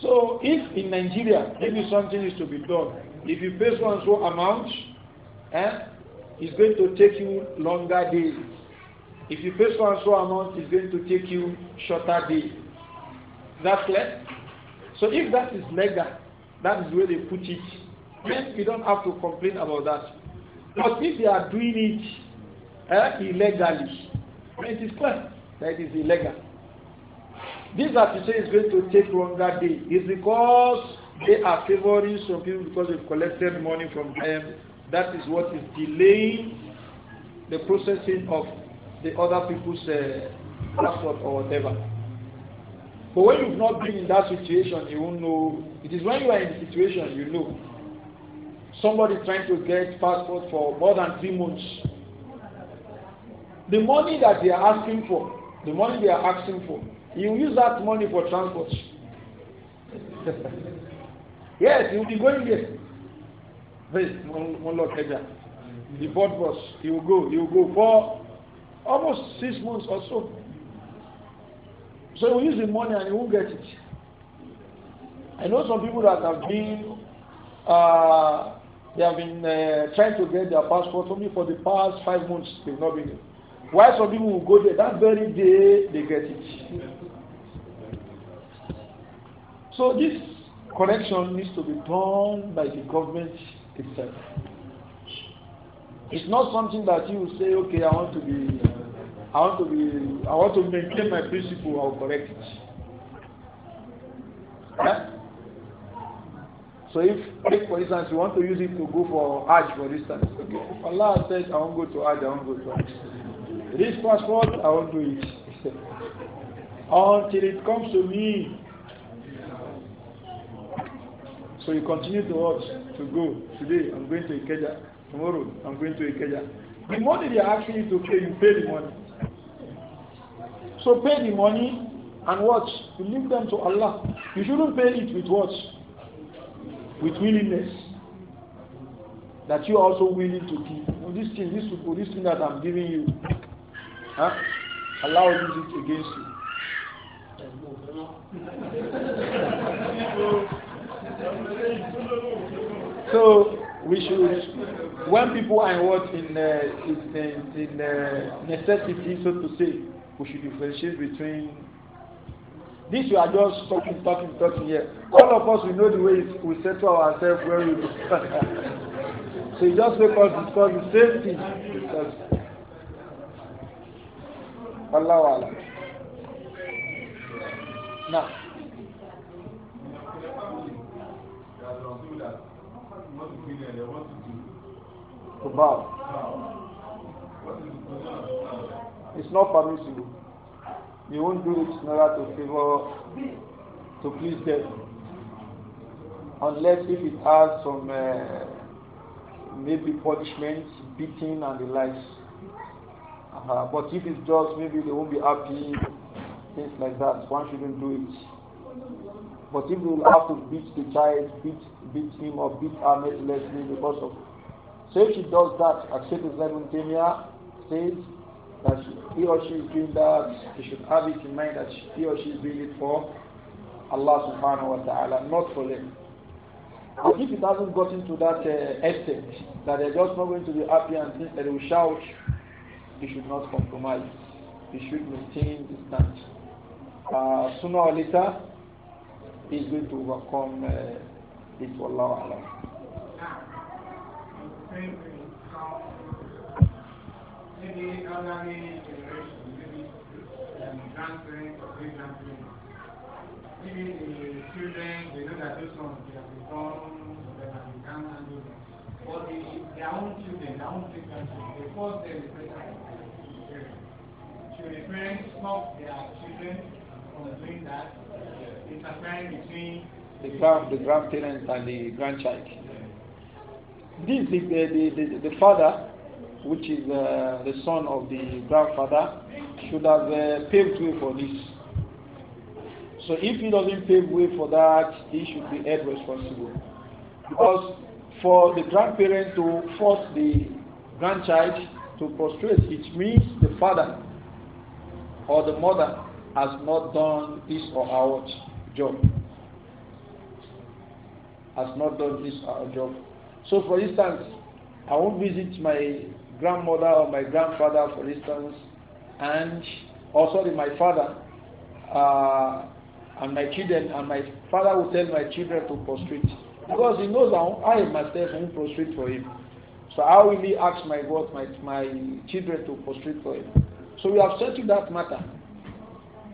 So if in Nigeria, maybe something is to be done, if you pay one so amount, eh, it's going to take you longer days. If you pay one so amount, it's going to take you shorter days. That's less. So if that is legal, that is where they put it then you don't have to complain about that. But if they are doing it eh, illegally, that is it is clear that it is illegal. This that say is going to take longer day is because they are favoring some people because they've collected money from them. That is what is delaying the processing of the other people's uh, passport or whatever. But when you've not been in that situation, you won't know. It is when you are in the situation you know somebody trying to get passport for more than three months. The money that they are asking for, the money they are asking for, you use that money for transport. yes, you'll be going there. Wait, one, one Lord Edgar. The board boss, he will go, he will go for almost six months or so. So he will use the money and he won't get it. I know some people that have been uh, they have been uh, trying to get their passport from me for the past five months. They've not been. Why some people will go there that very day they get it. So this correction needs to be done by the government itself. It's not something that you say, okay, I want to be, I want to be, I want to maintain my principle. I'll correct it. Yeah? So if, if, for instance, you want to use it to go for Hajj, for instance, okay, if Allah says, I won't go to Hajj, I won't go to Hajj. This passport, I won't do it. Until it comes to me. So you continue to watch, to go. Today, I'm going to Ikeja. Tomorrow, I'm going to Ikeja. The money they are asking you to pay, you pay the money. So pay the money and watch. You leave them to Allah. You shouldn't pay it with watch with willingness that you are also willing to give. Well, this thing, this this thing that I'm giving you, huh? allow use it against you. so we should, when people are what in uh, in, in uh, necessity, so to say, we should differentiate between This you are just talking, talking, talking here. All of us, we know the way we settle ourselves where we go. so you just make us discuss the same thing. Allah Allah. Now. To bow. It's not permissible. You won't do it in order to favor, to please them. Unless if it has some uh, maybe punishment, beating and the likes. Uh But if it's just maybe they won't be happy, things like that, one shouldn't do it. But if you have to beat the child, beat, beat him or beat her mercilessly because of. So if she does that, Akshat Islam Mutimia says that he or she is doing that, he should have it in mind that he or she is doing it for Allah subhanahu wa ta'ala, not for them. And if it hasn't gotten to that uh, extent, that they're just not going to be happy and that they will shout, he should not compromise. He should maintain distance. Uh, sooner or later, he's going to overcome uh, this. Wallahu alam maybe elderly generation, maybe um, grandparents or great grandparents. Maybe the children, they know that those ones, they have been born, they have been cancer, but the, their own children, their own great grandchildren, they force them to pray to the parents, stop their children from doing that, interfering between the, grand, the grandparents and the grandchild. This is the, the, the, the father which is uh, the son of the grandfather, should have uh, paved way for this. So if he doesn't pave way for that, he should be held responsible. Because for the grandparent to force the grandchild to prostrate, it means the father or the mother has not done his or our job. Has not done his or our job. So for instance, I won't visit my grandmother or my grandfather, for instance, and also my father, uh, and my children, and my father will tell my children to prostrate. Because he knows that I myself will prostrate for him. So I will really ask my God, my, my children to prostrate for him. So we have settled that matter.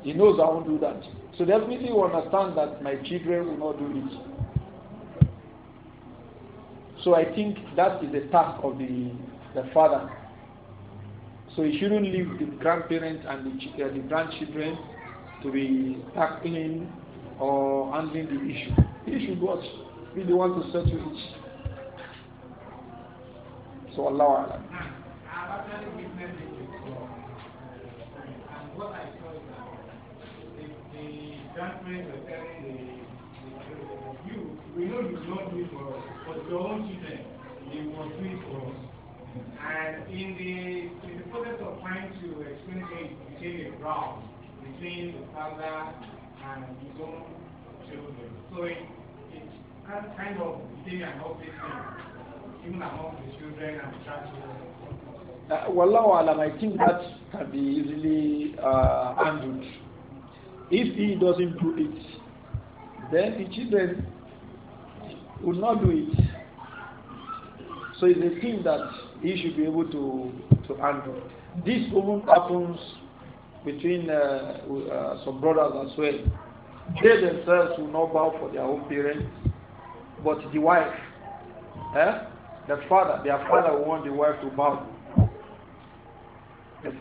He knows I won't do that. So definitely you understand that my children will not do it. So I think that is the task of the the father. So he shouldn't leave the grandparents and the, uh, the grandchildren to be tackling or handling the issue. He should watch. Be the one to settle it. So Allah Allah. Grandparents were telling the, the, you, we know you don't do for us, but your own children, they will do it for us. And in the, in the process of trying to explain the him, it became ground between the father and his own children. So it, it kind of became an obvious thing, even among the children and the grandchildren. Uh, wallahu alam, I think that can be easily uh, handled. If he doesn't do it, then the children will not do it. So it's a thing that he should be able to, to handle. This often happens between uh, uh, some brothers as well. They themselves will not bow for their own parents, but the wife, eh? the father, their father will want the wife to bow.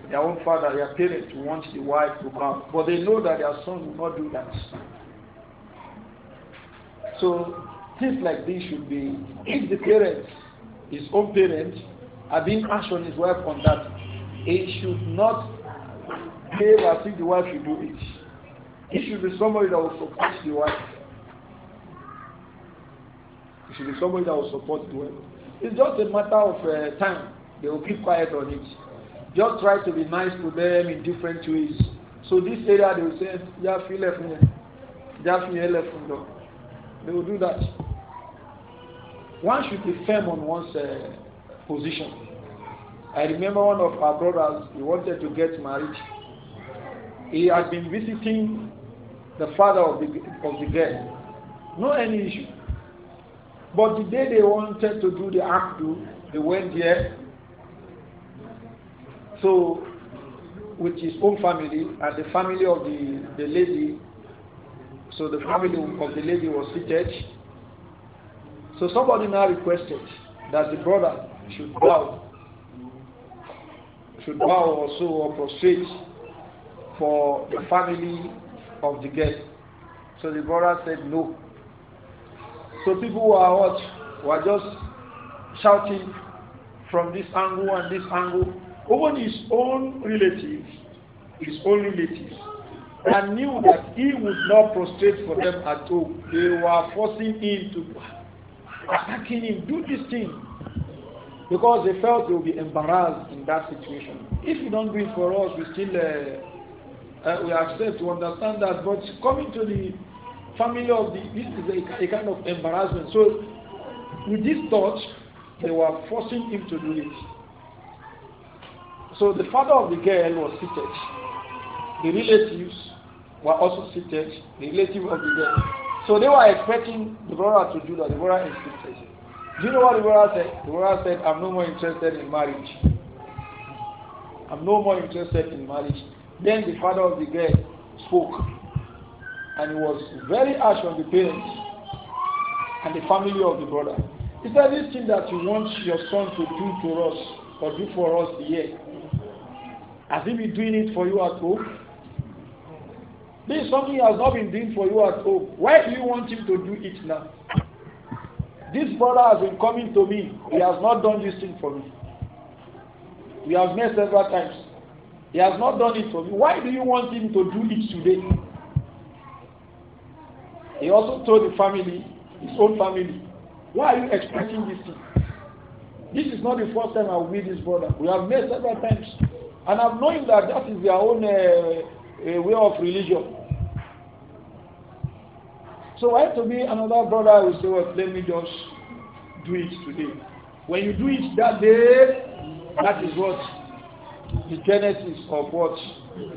Their own father, their parents want the wife to bow, but they know that their son will not do that. So things like this should be, if the parents, his own parents, have been harsh on his wife on that, he should not behave as if the wife should do it. He should be somebody that will support the wife. He should be somebody that will support the wife. It's just a matter of uh, time. They will keep quiet on it. Just try to be nice to them in different ways. So this area they will say, yeah, feel left me. Yeah, feel left me. They will do that. One should be firm on one's uh, position. I remember one of our brothers, he wanted to get married. He had been visiting the father of the, of the girl. No any issue. But the day they wanted to do the act, they went there. So, with his own family and the family of the, the lady, so the family of the lady was seated. So somebody now requested that the brother should bow, should bow also or prostrate for the family of the guest. So the brother said no. So people were are were just shouting from this angle and this angle. Even his own relatives, his own relatives, and knew that he would not prostrate for them at all. They were forcing him to attacking him, do this thing because they felt they will be embarrassed in that situation. If you don't do it for us, we still uh, uh, we accept to understand that. But coming to the family of the this is a, a kind of embarrassment. So with this thought, they were forcing him to do it. So the father of the girl was seated. The relatives were also seated. The relative of the girl. So they were expecting the brother to do that. The brother insisted. Do you know what Deborah said? Deborah said, I'm no more interested in marriage. I'm no more interested in marriage. Then the father of the girl spoke. And he was very harsh on the parents and the family of the brother. Is there this thing that you want your son to do to us or do for us here? Has he been doing it for you at home? This is something he has not been doing for you at home. Why do you want him to do it now? this brother has been coming to me. He has not done this thing for me. We have met several times. He has not done it for me. Why do you want him to do it today? He also told the family, his own family, why are you expecting this thing? This is not the first time I will meet this brother. We have met several times. And I've known that that is their own uh, uh, way of religion. So why to be another brother will say, well, let me just do it today. When you do it that day, that is what the genesis of what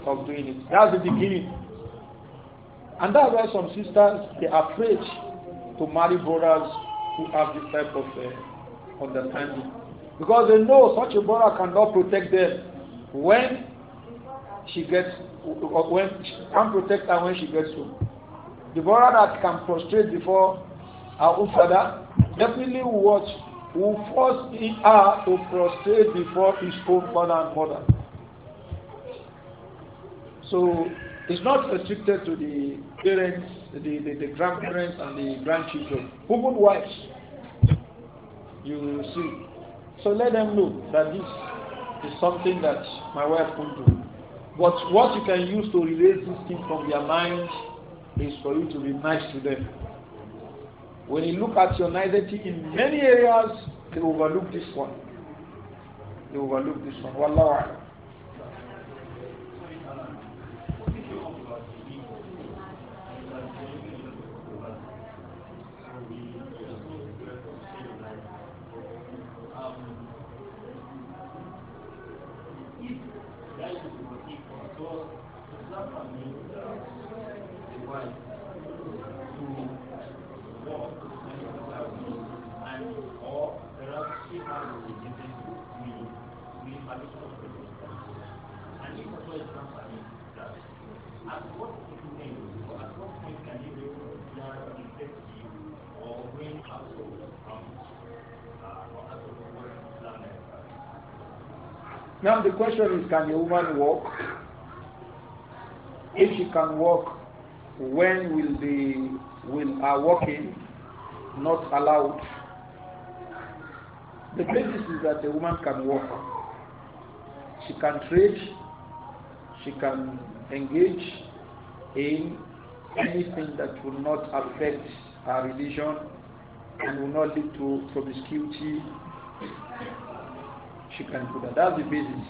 of doing it. That's the beginning. And that's why some sisters they are afraid to marry brothers who have this type of uh, understanding. Because they know such a brother cannot protect them when she gets uh, when she can protect her when she gets home. The boy that can prostrate before our own father definitely will watch, will force her to prostrate before his own father and mother. So it's not restricted to the parents, the, the, the grandparents and the grandchildren, even wives. You will see. So let them know that this is something that my wife will do. But what you can use to erase this thing from their mind is for you to be nice to them. When you look at your nicety in many areas, they overlook this one. They overlook this one. Wallah. Now the question is, can a woman walk? If she can walk, when will the will her walking not allowed? The basis is that a woman can walk. She can trade. She can engage in anything that will not affect her religion and will not lead to promiscuity she can do that. That's the basis.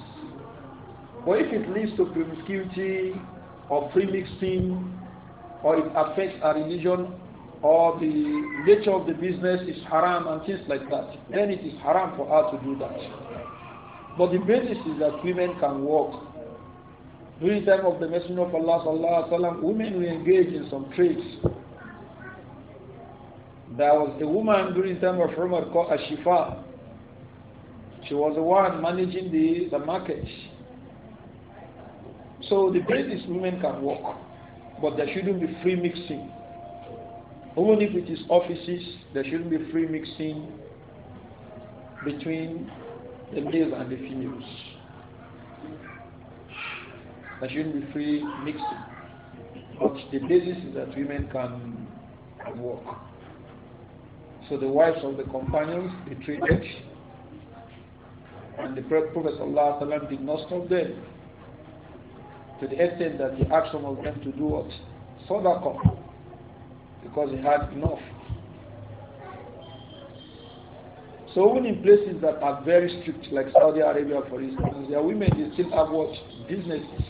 But if it leads to promiscuity or premixing or it affects our religion or the nature of the business is haram and things like that, then it is haram for her to do that. But the basis is that women can work. During the time of the Messenger of Allah, sallallahu sallam, women will engage in some trades. There was a woman during the time of Umar called Ashifa. She was the one managing the, the market. So the business women can work, but there shouldn't be free mixing. Even if it is offices, there shouldn't be free mixing between the males and the females. There shouldn't be free mixing. But the basis is that women can work. So the wives of the companions, the traders. And the Prophet ﷺ did not stop them to the extent that he asked some of them to do what? Sadaqah. Because he had enough. So even in places that are very strict, like Saudi Arabia for instance, their women they still have what? Businesses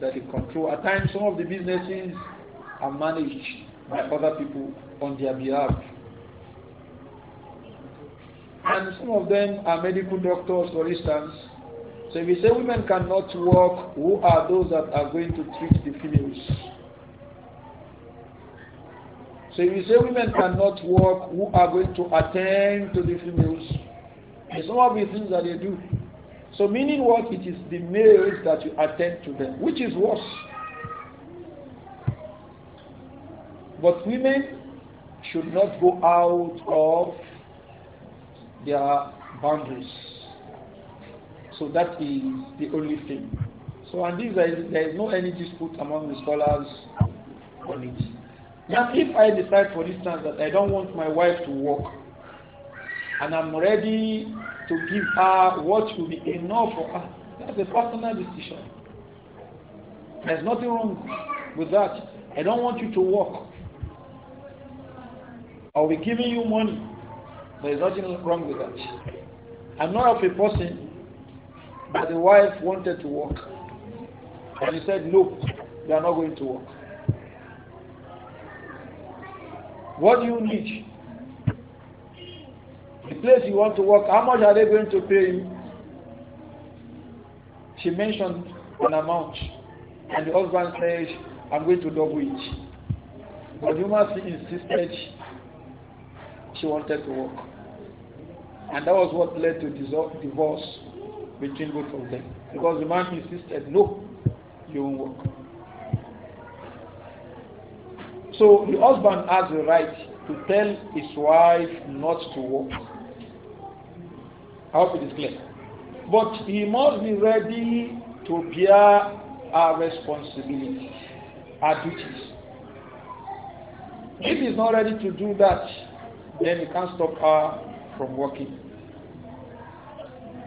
that they control. At times some of the businesses are managed by other people on their behalf. And some of them are medical doctors, for instance. So if you say women cannot work, who are those that are going to treat the females? So if you say women cannot work, who are going to attend to the females? And some of the things that they do. So meaning what? It is the males that you attend to them, which is worse. But women should not go out of their boundaries. So that is the only thing. So and this there is, there is no any dispute among the scholars on it. Now if I decide for instance that I don't want my wife to work and I'm ready to give her what will be enough for her, that's a personal decision. There's nothing wrong with that. I don't want you to work. I'll be giving you money there is nothing wrong with that. I'm not of a person that the wife wanted to work. And he said, no, they are not going to work. What do you need? The place you want to work, how much are they going to pay you? She mentioned an amount. And the husband said, I'm going to double it. But you must insisted she wanted to work. And that was what led to divorce between both of them. Because the man insisted, no, you won't work. So the husband has the right to tell his wife not to work. I hope it is clear. But he must be ready to bear our responsibility, our duties. If he's not ready to do that, then he can't stop her from working.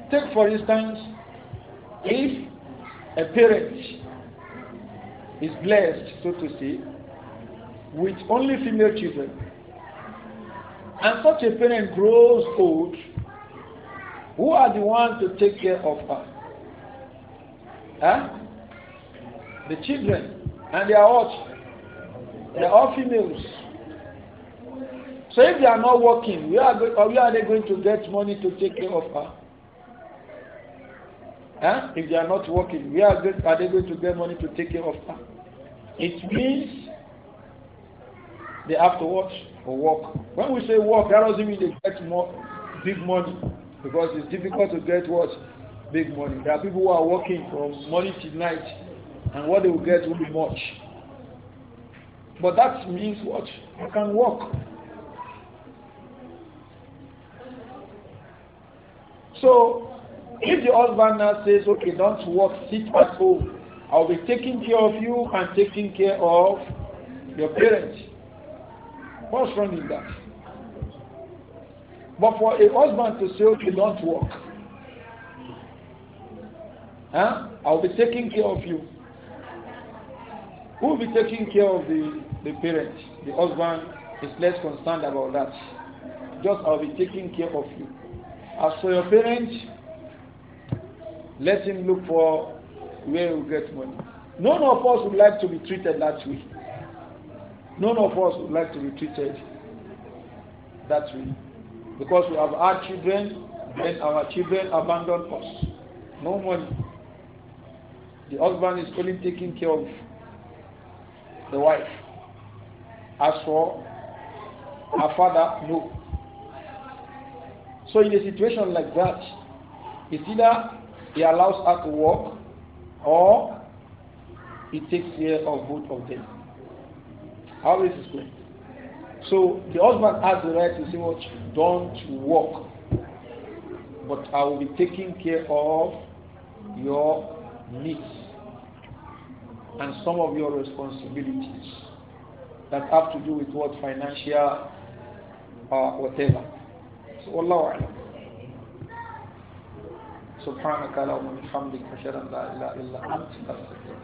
Take for instance, if a parent is blessed, so to say, with only female children, and such a parent grows old, who are the ones to take care of her? Huh? The children, and they are all, They are all females. So if they are not working, where are, they, are they going to get money to take care of her? Huh? If they are not working, where are they, are they going to get money to take care of her? It means they have to watch or work. When we say work, that doesn't mean they get more big money because it's difficult to get what big money. There are people who are working from morning to night, and what they will get will be much. But that means what? You can work. So if the husband now says, okay, don't work, sit at home. I'll be taking care of you and taking care of your parents. What's wrong in that? But for a husband to say, okay, don't work. Huh? I'll be taking care of you. Who will be taking care of the, the parents? The husband is less concerned about that. Just I'll be taking care of you. As for your parents, let him look for where you get money. None of us would like to be treated that way. None of us would like to be treated that way. Because we have our children and our children abandon us. No money. The husband is only taking care of the wife. As for our father, no. So in a situation like that, it's either he allows her to work or he takes care of both of them. How is this going. So the husband has the right to say what don't work, but I will be taking care of your needs and some of your responsibilities that have to do with what financial or uh, whatever. والله أعلم سبحانك اللهم وبحمدك أشهد أن لا إله إلا أنت أستغفرك